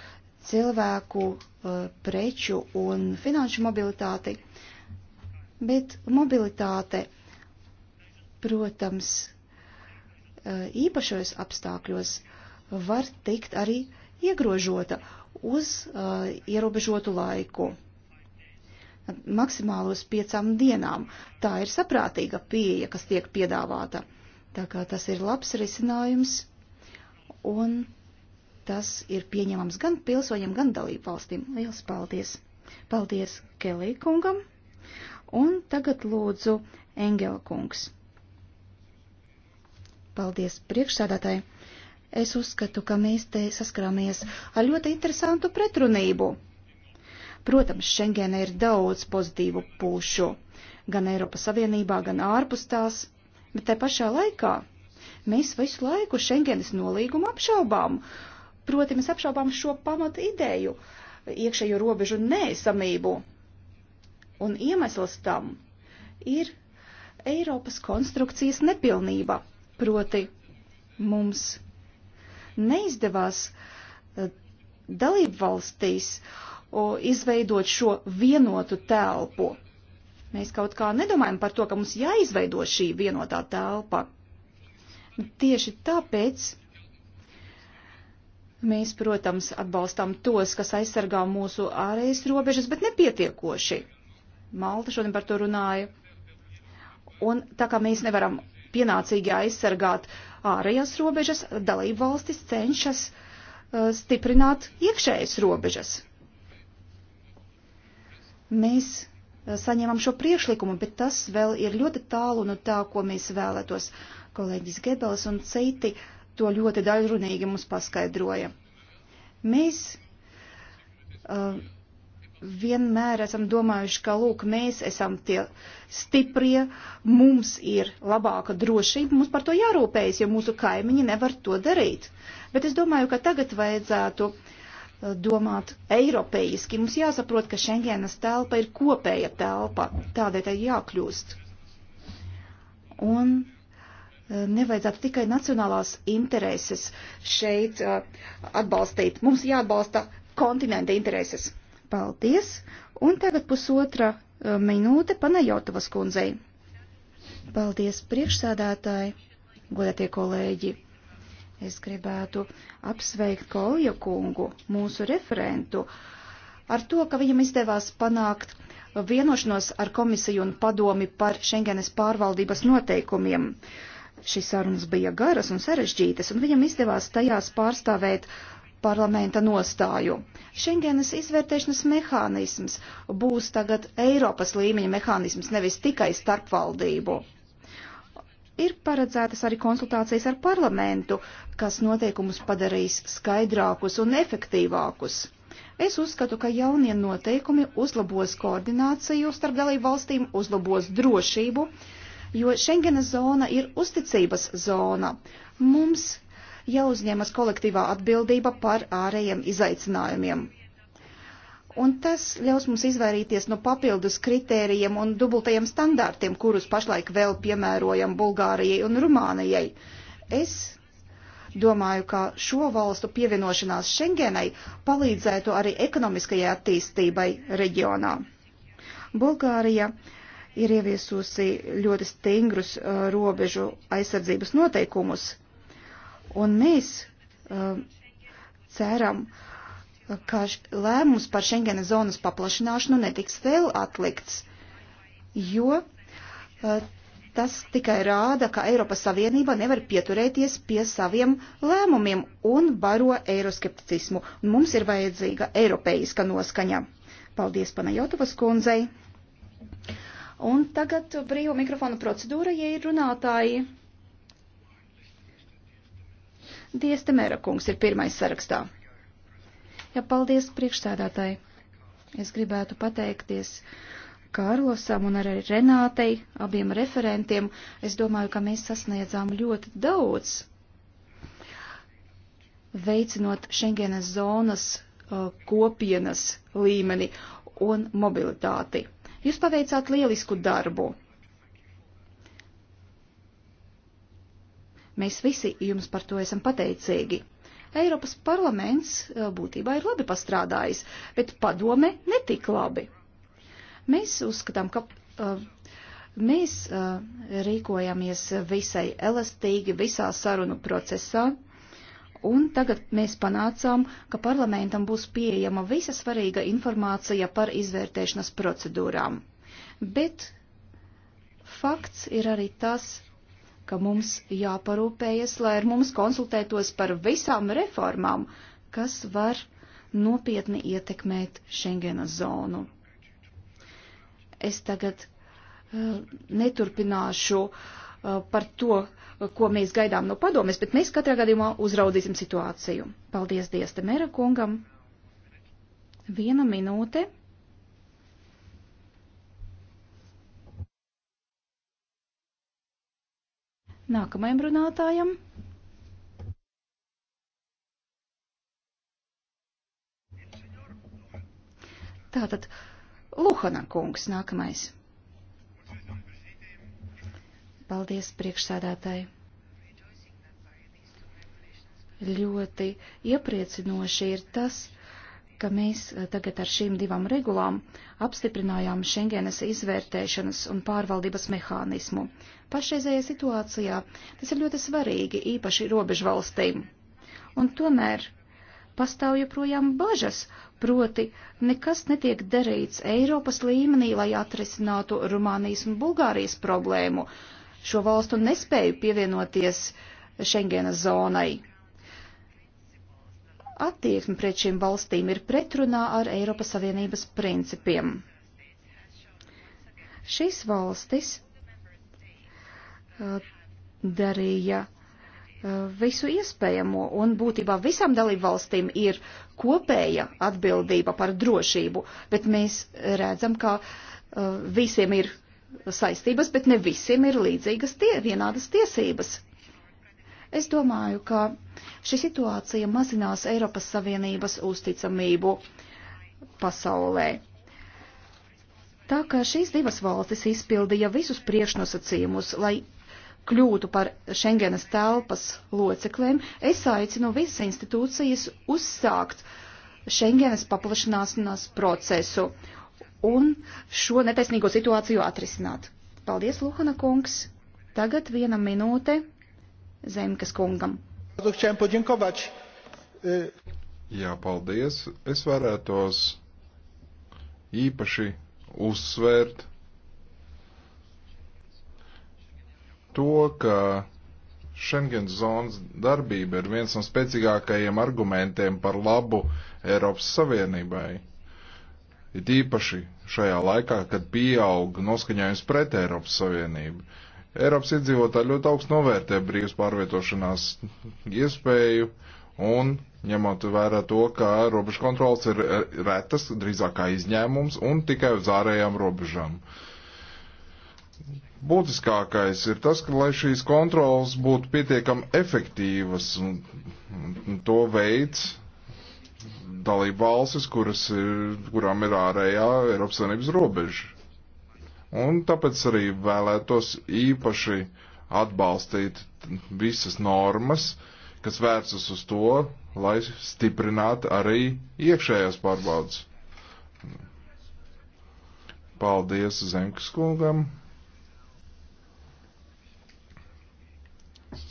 [SPEAKER 4] cilvēku, eh, preču un finanšu mobilitāti, bet mobilitāte, protams, eh, īpašos apstākļos var tikt arī iegrožota uz uh, ierobežotu laiku. Maksimālos piecām dienām. Tā ir saprātīga pieeja, kas tiek piedāvāta. Tā kā tas ir labs risinājums, un tas ir pieņemams gan pilsoņiem, gan dalību valstīm. Lielas paldies! Paldies Kelī kungam! Un tagad lūdzu Engela kungs. Paldies priekšsādātāji! Es uzskatu, ka mēs te saskarāmies ar ļoti interesantu pretrunību. Protams, Schengēna ir daudz pozitīvu pušu, gan Eiropas Savienībā, gan ārpus tās, bet te pašā laikā mēs visu laiku Schengenes nolīgumu apšaubām Proti, mēs apšaubām šo pamatu ideju, iekšējo robežu neesamību. Un iemesls tam ir Eiropas konstrukcijas nepilnība. Proti, mums neizdevās e, dalību valstīs izveidot šo vienotu telpu. Mēs kaut kā nedomājam par to, ka mums jāizveido šī vienotā telpa. Tieši tāpēc Mēs, protams, atbalstām tos, kas aizsargā mūsu ārējas robežas, bet nepietiekoši. Malta šodien par to runāja. Un tā kā mēs nevaram pienācīgi aizsargāt ārējās robežas, dalību valstis cenšas uh, stiprināt iekšējas robežas. Mēs uh, saņemam šo priekšlikumu, bet tas vēl ir ļoti tālu no tā, ko mēs vēlētos. Kolēģis Gebels un citi uh, to ļoti dažrunīgi mums paskaidroja. Mēs uh, vienmēr esam domājuši, ka, lūk, mēs esam tie stiprie, mums ir labāka drošība, mums par to jārūpējas, jo mūsu kaimiņi nevar to darīt. Bet es domāju, ka tagad vajadzētu uh, domāt eiropeiski. Mums jāsaprot, ka Schengenas telpa ir kopēja telpa, tādēļ tai jākļūst. Un nevajadzētu tikai nacionālās intereses šeit uh, atbalstīt. Mums jāatbalsta kontinenta intereses. Paldies! Un tagad pusotra uh, minūte Panajotavas kundzei. Paldies priekšsādātāji, godātie kolēģi! Es gribētu apsveikt Kolja kungu, mūsu referentu, ar to, ka viņam izdevās panākt vienošanos ar komisiju un padomi par Schengenes pārvaldības noteikumiem. Uh, Šīs sarunas bija garas un sarežģītas, un viņam izdevās tajās pārstāvēt parlamenta nostāju. Šengenas izvērtēšanas mehānisms būs tagad Eiropas līmeņa mehānisms, nevis tikai starpvaldību. Ir paredzētas arī konsultācijas ar parlamentu, kas noteikumus padarīs skaidrākus un efektīvākus. Es uzskatu, ka jaunie noteikumi uzlabos koordināciju starp dalību valstīm, uzlabos drošību, uh, jo Schengena zona ir uzticības zona. Mums jāuzņemas kolektīvā atbildība par ārējiem izaicinājumiem. Un tas ļaus mums izvairīties no papildus kritērijiem un dubultajiem standārtiem, kurus pašlaik vēl piemērojam Bulgārijai un Rumānijai. Es domāju, ka šo valstu pievienošanās Schengenai palīdzētu arī ekonomiskajai attīstībai reģionā. Bulgārija uh, ir ieviesusi ļoti stingrus uh, robežu aizsardzības noteikumus. Un mēs uh, ceram, ka lēmums par Schengena zonas paplašināšanu netiks vēl atlikts, jo uh, tas tikai rāda, ka Eiropas Savienība nevar pieturēties pie saviem lēmumiem un baro eiroskepticismu. Un mums ir vajadzīga eiropeiska noskaņa. Paldies Panajotovas kundzei. Un tagad brīvo mikrofona procedūra, ja ir runātāji. Dieste Mēra kungs ir pirmais sarakstā. Jā, ja, paldies priekšsēdātāji. Es gribētu pateikties Kārlosam un arī Renātei, abiem referentiem. Es domāju, ka mēs sasniedzām ļoti daudz, veicinot Schengenas zonas uh, kopienas līmeni un mobilitāti Jūs paveicāt lielisku darbu. Mēs visi jums par to esam pateicīgi. Eiropas parlaments eh, būtībā ir labi pastrādājis, bet padome netik labi. Mēs uzskatām, ka uh, mēs uh, rīkojamies visai elastīgi visā sarunu procesā. Un tagad mēs panācām, ka parlamentam būs pieejama visa svarīga informācija par izvērtēšanas procedūrām. Bet fakts ir arī tas, ka mums jāparūpējas, lai ar mums konsultētos par visām reformām, kas var nopietni ietekmēt Schengenas zonu. Es tagad uh, neturpināšu uh, par to, uh, ko mēs gaidām no padomes, bet mēs katrā gadījumā uzraudzīsim situāciju. Paldies Dievsta Mera kungam. Viena minūte. Nākamajam runātājam. Tātad Luhana kungs nākamais. Paldies priekšsādātāji! Ļoti iepriecinoši ir tas, ka mēs eh, tagad ar šīm divām regulām apstiprinājām Schengenes izvērtēšanas un pārvaldības mehānismu. Pašreizējā situācijā tas ir ļoti svarīgi, īpaši robežvalstīm. Un tomēr pastāv joprojām bažas, proti nekas netiek darīts Eiropas līmenī, lai atrisinātu Rumānijas un Bulgārijas problēmu, šo valstu nespēju pievienoties Schengenas zonai. Attieksme pret šīm valstīm ir pretrunā ar Eiropas Savienības principiem. Šīs valstis uh, darīja uh, visu iespējamo, un būtībā visām dalībvalstīm ir kopēja atbildība par drošību, bet mēs redzam, ka uh, visiem ir saistības, bet ne visiem ir līdzīgas tie, vienādas tiesības. Es domāju, ka šī situācija mazinās Eiropas Savienības uzticamību pasaulē. Tā kā šīs divas valstis izpildīja visus priekšnosacījumus, lai kļūtu par Schengenas telpas locekļiem, es aicinu visas institūcijas uzsākt Schengenas paplašanāšanās procesu un šo netaisnīgo situāciju atrisināt. Paldies, Luhana kungs. Tagad viena minūte Zemkas kungam.
[SPEAKER 5] Jā, paldies. Es varētos īpaši uzsvērt to, ka Schengens zonas darbība ir viens no spēcīgākajiem argumentiem par labu Eiropas Savienībai It īpaši šajā laikā, kad pieaug noskaņojums pret Eiropas Savienību. Eiropas iedzīvotāji ļoti augstu novērtē brīvas pārvietošanās iespēju un ņemot vērā to, ka robežu kontrols ir eh, retas, drīzākā izņēmums un tikai uz ārējām robežām. Būtiskākais ir tas, ka lai šīs kontrols būtu pietiekami efektīvas un to veids, dalību valstis, kuras ir, eh, kurām ir ārējā Eiropas Savienības robeža. Un tāpēc arī vēlētos īpaši atbalstīt visas normas, kas vērsas uz to, lai stiprinātu arī iekšējās pārbaudas. Paldies Zemkas kungam.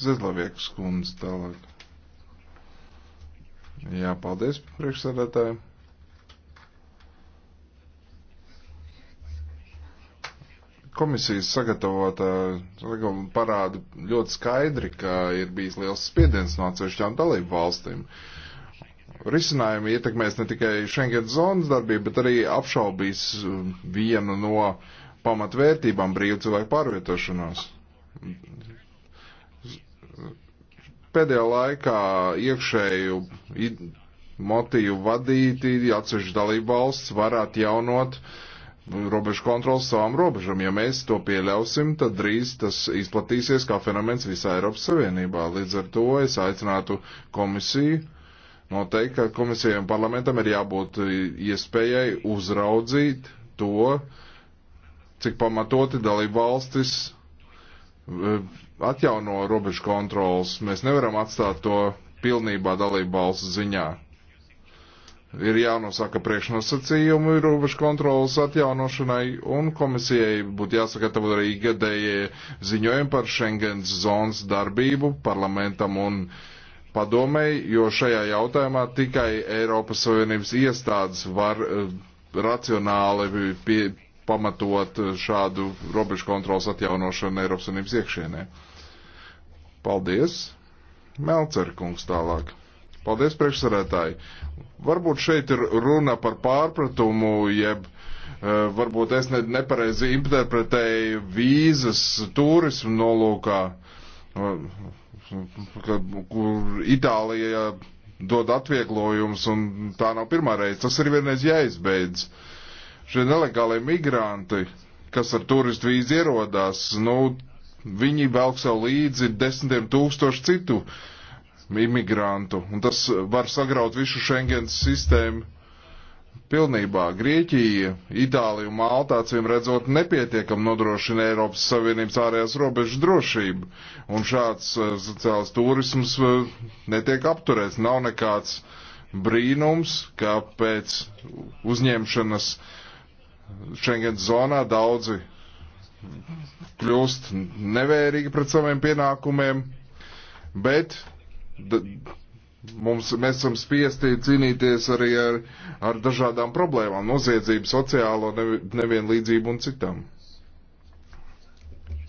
[SPEAKER 5] Zedlavieks kundze tālāk. Jā, paldies priekšsēdētāji. Komisijas sagatavotā regula parāda ļoti skaidri, ka ir bijis liels spiediens no atsevišķām dalību valstīm. Risinājumi ietekmēs ne tikai Schengen zonas darbību, bet arī apšaubīs um, vienu no pamatvērtībām brīvu cilvēku pārvietošanos Pēdējā laikā iekšēju motīvu vadīti atsevišķi dalību valsts var atjaunot robežu kontroli savām robežām. Ja mēs to pieļausim, tad drīz tas izplatīsies kā fenomens visā Eiropas Savienībā. Līdz ar to es aicinātu komisiju noteikti, ka komisijai un parlamentam ir jābūt iespējai uzraudzīt to, cik pamatoti dalību valstis eh, atjauno robežu kontrols. Mēs nevaram atstāt to pilnībā dalību valsts ziņā. Ir jānosaka priekšnosacījumi robežu kontrolas atjaunošanai, un komisijai būtu jāsagatavo arī gadējie ziņojumi par Schengens zonas darbību parlamentam un padomēji, jo šajā jautājumā tikai Eiropas Savienības iestādes var eh, racionāli pie, pamatot šādu robežu kontrolas atjaunošanu Eiropas Unības iekšienē. Paldies! Melcerkungs tālāk. Paldies, priekšsarētāji. Varbūt šeit ir runa par pārpratumu, jeb uh, varbūt es ne, nepareizi interpretēju vīzas turismu nolūkā, uh, kur Itālija dod atvieglojums, un tā nav pirmā reize. Tas ir vienreiz jāizbeidz. Uh, Šie nelegālie migranti, kas ar turistu vīzi ierodās, nu, viņi velk sev līdzi desmitiem tūkstošu citu imigrantu, un tas var sagraut visu Schengens sistēmu pilnībā. Grieķija, Itālija un Maltā, cīm redzot, nepietiekam nodrošina Eiropas Savienības ārējās robežas drošību, un šāds eh, sociāls turisms eh, netiek apturēts. Nav nekāds brīnums, ka pēc uzņemšanas uh, Schengen zonā daudzi kļūst nevērīgi pret saviem pienākumiem, bet mums, mēs esam spiesti cīnīties arī ar, ar dažādām problēmām - noziedzību, sociālo nevienlīdzību un citām.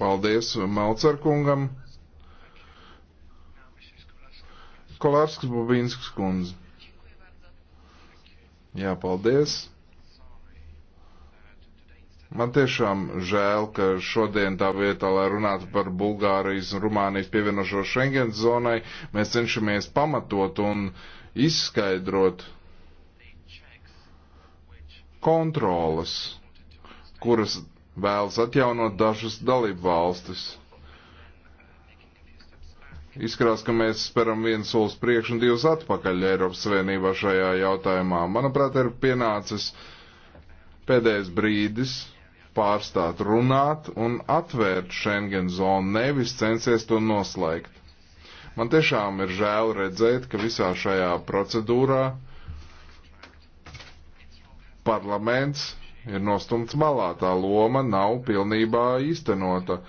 [SPEAKER 5] Paldies Malcerkungam. Kolārskas Bubīnskas kundze. Jā, paldies. Man tiešām žēl, ka šodien tā vietā, lai runātu par Bulgārijas un Rumānijas pievienošo Schengen zonai, mēs cenšamies pamatot un izskaidrot kontrolas, kuras vēlas atjaunot dažas dalību valstis. Izskatās, ka mēs speram viens solis priekš un divus atpakaļ Eiropas Savienībā šajā jautājumā. Manuprāt, ir pienācis pēdējais brīdis pārstāt runāt un atvērt Schengen zonu, nevis censies to noslēgt. Man tiešām ir žēl redzēt, ka visā šajā procedūrā parlaments ir nostumts malā, tā loma nav pilnībā īstenota.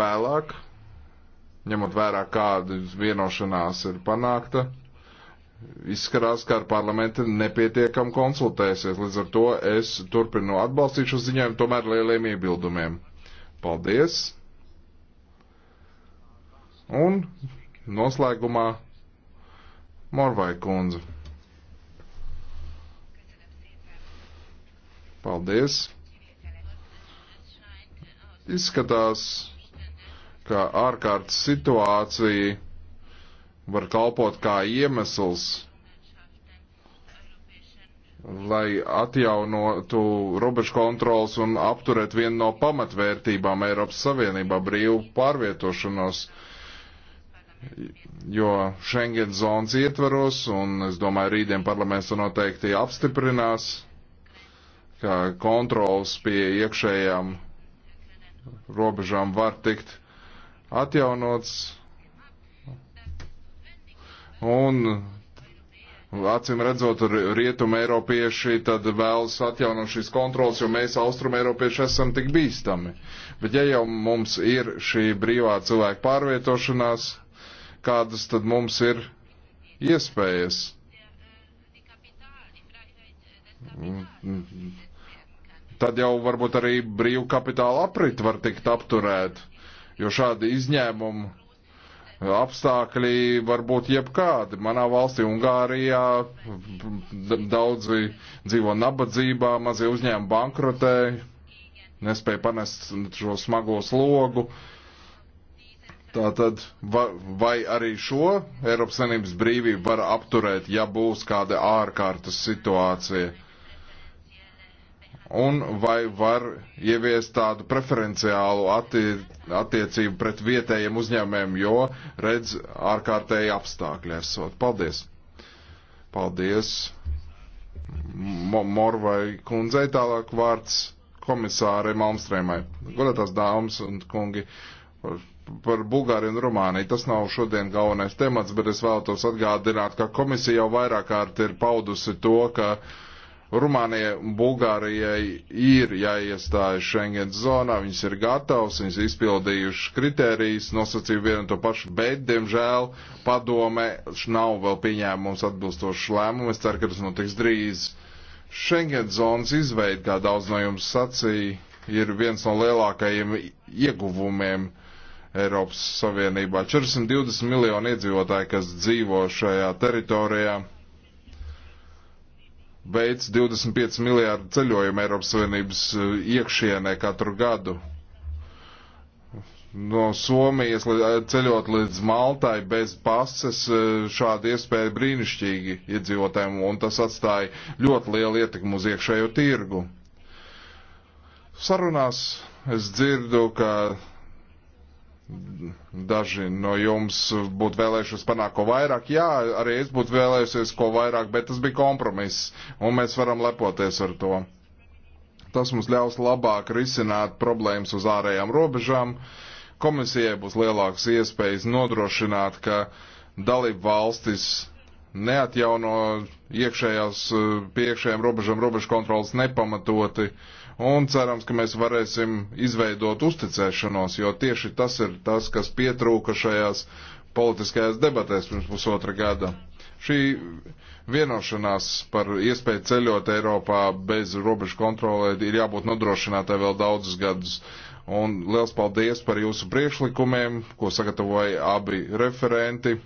[SPEAKER 5] Vēlāk, ņemot vērā, kāda vienošanās ir panākta, izskatās, ka ar parlamentu nepietiekam konsultēsies. Līdz ar to es turpinu atbalstīt šo ziņojumu, tomēr lieliem iebildumiem. Paldies! Un noslēgumā Morvai kundze. Paldies! Izskatās, ka ārkārtas situācija var kalpot kā iemesls, lai atjaunotu robežu kontrols un apturēt vienu no pamatvērtībām Eiropas Savienībā - brīvu pārvietošanos, jo Schengen zonas ietveros, un es domāju, rītdien parlaments to noteikti apstiprinās, ka kontrols pie iekšējām robežām var tikt atjaunots un acīm redzot, rietumu eiropieši tad vēlas atjaunot šīs kontrolas, jo mēs austrumu eiropieši esam tik bīstami. Bet ja jau mums ir šī brīvā cilvēka pārvietošanās, kādas tad mums ir iespējas? Tad jau varbūt arī brīvu kapitāla aprit var tikt apturēt, jo šādi izņēmumi apstākļi var būt jebkādi. Manā valstī Ungārijā daudzi dzīvo nabadzībā, mazie uzņēmumi bankrotē, nespēja panest šo smago slogu. Tātad vai arī šo Eiropas Savienības brīvību var apturēt, ja būs kāda ārkārtas situācija? un vai var ieviest tādu preferenciālu attie attiecību pret vietējiem uzņēmējiem, jo redz ārkārtēji apstākļi esot. Paldies! Paldies! Mo Morvai kundzei tālāk vārds komisārai Malmstrēmai. Godātās dāmas un kungi par, par Bulgāriju un Rumāniju. Tas nav šodien galvenais temats, bet es vēlētos atgādināt, ka komisija jau vairāk kārt ir paudusi to, ka uh, Rumānijai un Bulgārijai ir jāiestājas Schengen zonā, viņas ir gatavas, viņas izpildījušas kritērijas, nosacīja vienu to pašu, bet, diemžēl, padome nav vēl pieņēmums atbilstošs lēmumu. Es ceru, ka tas notiks drīz. Schengen zonas izveida, kā daudz no jums sacīja, ir viens no lielākajiem ieguvumiem. Eiropas Savienībā 420 miljoni iedzīvotāji, kas dzīvo šajā teritorijā veic 25 miljārdu ceļojumu Eiropas Savienības eh, iekšienē katru gadu. No Somijas ceļot līdz Maltai bez pases eh, šāda iespēja brīnišķīgi iedzīvotājiem, un tas atstāja ļoti lielu ietekmu uz iekšējo tirgu. Sarunās es dzirdu, ka daži no jums būtu vēlējušies panākt ko vairāk. Jā, arī es būtu vēlējusies ko vairāk, bet tas bija kompromiss, un mēs varam lepoties ar to. Tas mums ļaus labāk risināt problēmas uz ārējām robežām. Komisijai būs lielākas iespējas nodrošināt, ka dalību valstis neatjauno iekšējās, pie iekšējām robežām robežu kontrolas nepamatoti uh, un cerams, ka mēs varēsim izveidot uzticēšanos, jo tieši tas ir tas, kas pietrūka šajās politiskajās debatēs pirms pusotra gada. Šī vienošanās par iespēju ceļot Eiropā bez robežu kontrolē ir jābūt nodrošinātai vēl daudzus gadus. Un liels paldies par jūsu priekšlikumiem, ko sagatavoja abi referenti.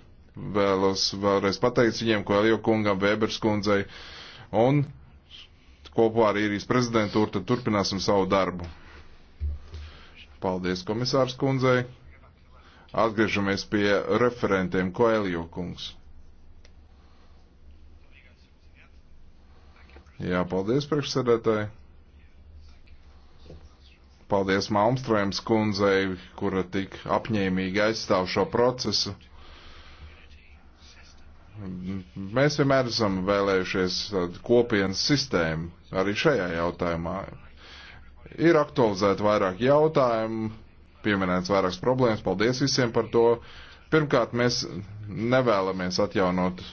[SPEAKER 5] Vēlos vēlreiz pateikt viņiem, ko Elio kungam, Vēbers kundzei. Un kopā ar īrijas prezidentūru, tad turpināsim savu darbu. Paldies komisārs kundzei. Atgriežamies pie referentiem Koelio kungs. Jā, paldies priekšsēdētāji. Paldies Malmstrēms kundzei, kura tik apņēmīgi aizstāv šo procesu. Mēs vienmēr esam vēlējušies kopienas sistēmu arī šajā jautājumā. Ir aktualizēti vairāk jautājumu, pieminēts vairākas problēmas, paldies visiem par to. Pirmkārt, mēs nevēlamies atjaunot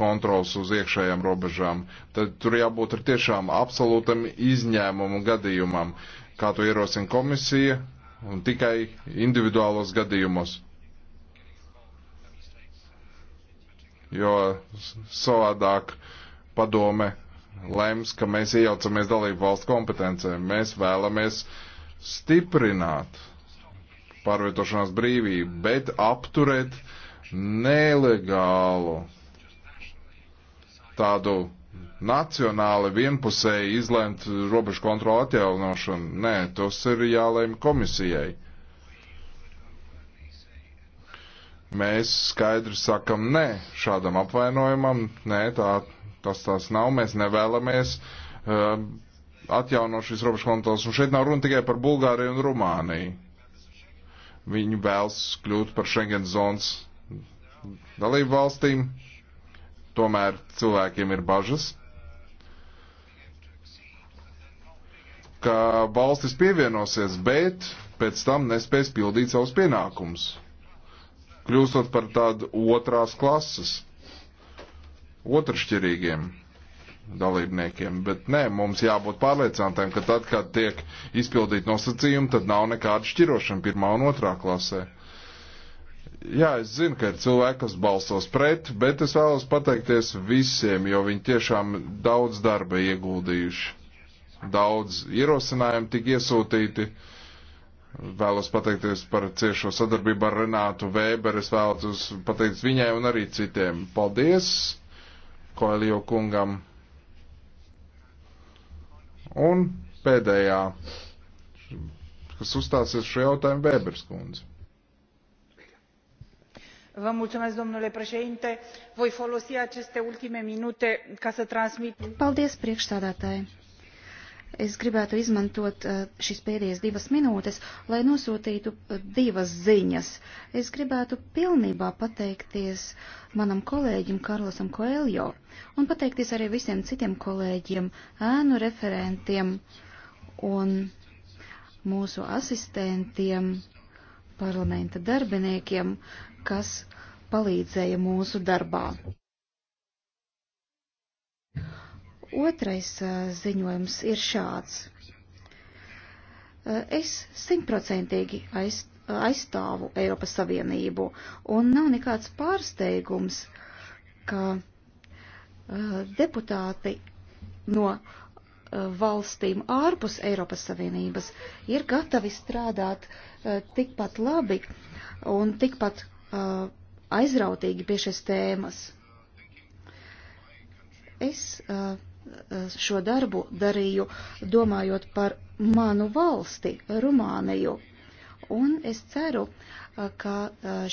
[SPEAKER 5] kontrols uz iekšējām robežām. Tad tur jābūt ar tiešām absolūtam izņēmumu gadījumam, kā to ierosina komisija, un tikai individuālos gadījumos. jo savādāk padome lems, ka mēs iejaucamies dalību valstu kompetencē. Mēs vēlamies stiprināt pārvietošanās brīvību, bet apturēt nelegālu tādu nacionāli vienpusēji izlēmt robežu kontrolu atjaunošanu. Nē, tas ir jālēma komisijai. Mēs skaidri sakam nē šādam apvainojumam, nē, tā, tas tās nav, mēs nevēlamies uh, atjaunot šīs robežu kontrolas. Un šeit nav runa tikai par Bulgāriju un Rumāniju. Viņi vēlas kļūt par Schengen zonas dalību valstīm, tomēr cilvēkiem ir bažas. ka valstis pievienosies, bet pēc tam nespēs pildīt savus pienākumus kļūstot par tādu otrās klases, otršķirīgiem dalībniekiem. Bet nē, mums jābūt pārliecinātiem, ka tad, kad tiek izpildīti nosacījumi, tad nav nekāda šķirošana pirmā un otrā klasē. Jā, es zinu, ka ir cilvēki, kas balsos pret, bet es vēlos pateikties visiem, jo viņi tiešām daudz darba ieguldījuši. Daudz ierosinājumu tika iesūtīti. Uh, Vēlos pateikties par ciešo sadarbību ar Renātu Vēberu. Es vēlos pateikt viņai un arī citiem. Paldies Koelio kungam. Un pēdējā, kas uzstāsies šo jautājumu, Vēbers kundze.
[SPEAKER 3] Vă mulțumesc, domnule președinte. Voi folosi aceste ultime minute ca să transmit.
[SPEAKER 4] Paldies, priekšstādātāji Es gribētu izmantot eh, šīs pēdējās divas minūtes, lai nosūtītu eh, divas ziņas. Es gribētu pilnībā pateikties manam kolēģim Karlosam Koeljo un pateikties arī visiem citiem kolēģiem, ēnu referentiem un mūsu asistentiem, parlamenta darbiniekiem, kas palīdzēja mūsu darbā. Otrais ziņojums ir šāds. Es simtprocentīgi aizstāvu Eiropas Savienību, un nav nekāds pārsteigums, ka deputāti no valstīm ārpus Eiropas Savienības ir gatavi strādāt tikpat labi un tikpat aizrautīgi pie šīs tēmas. Es uh, šo darbu darīju, domājot par manu valsti, Rumāniju. Un es ceru, ka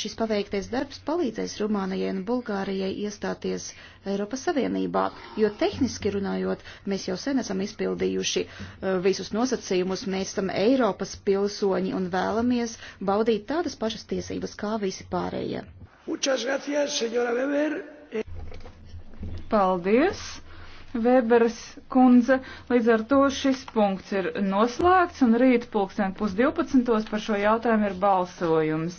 [SPEAKER 4] šis paveiktais darbs palīdzēs Rumānijai un Bulgārijai iestāties Eiropas Savienībā, jo tehniski runājot, mēs jau sen esam izpildījuši visus nosacījumus, mēs esam Eiropas pilsoņi un vēlamies baudīt tādas pašas tiesības kā visi pārējie.
[SPEAKER 3] Paldies! Weberas kundze. Līdz ar to šis punkts ir noslēgts un rīt pulksten pusdivpadsmitos
[SPEAKER 4] par šo jautājumu ir balsojums.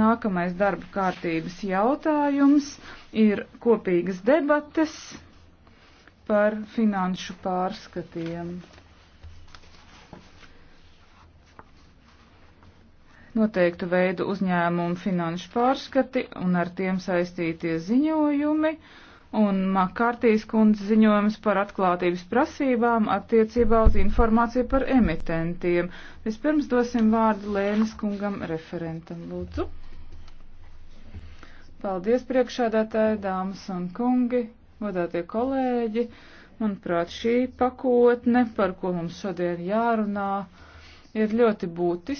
[SPEAKER 4] Nākamais darba kārtības jautājums ir kopīgas debates par finanšu
[SPEAKER 3] pārskatiem. Noteiktu veidu uzņēmumu finanšu pārskati un ar tiem saistītie ziņojumi un Makārtīs kundze ziņojums par atklātības prasībām attiecībā uz informāciju par emitentiem. Vispirms dosim vārdu Lēnas kungam referentam, lūdzu. Paldies priekšādātāji, dāmas un kungi, godātie kolēģi. Manuprāt, šī pakotne, par ko mums šodien jārunā, ir ļoti būtiska.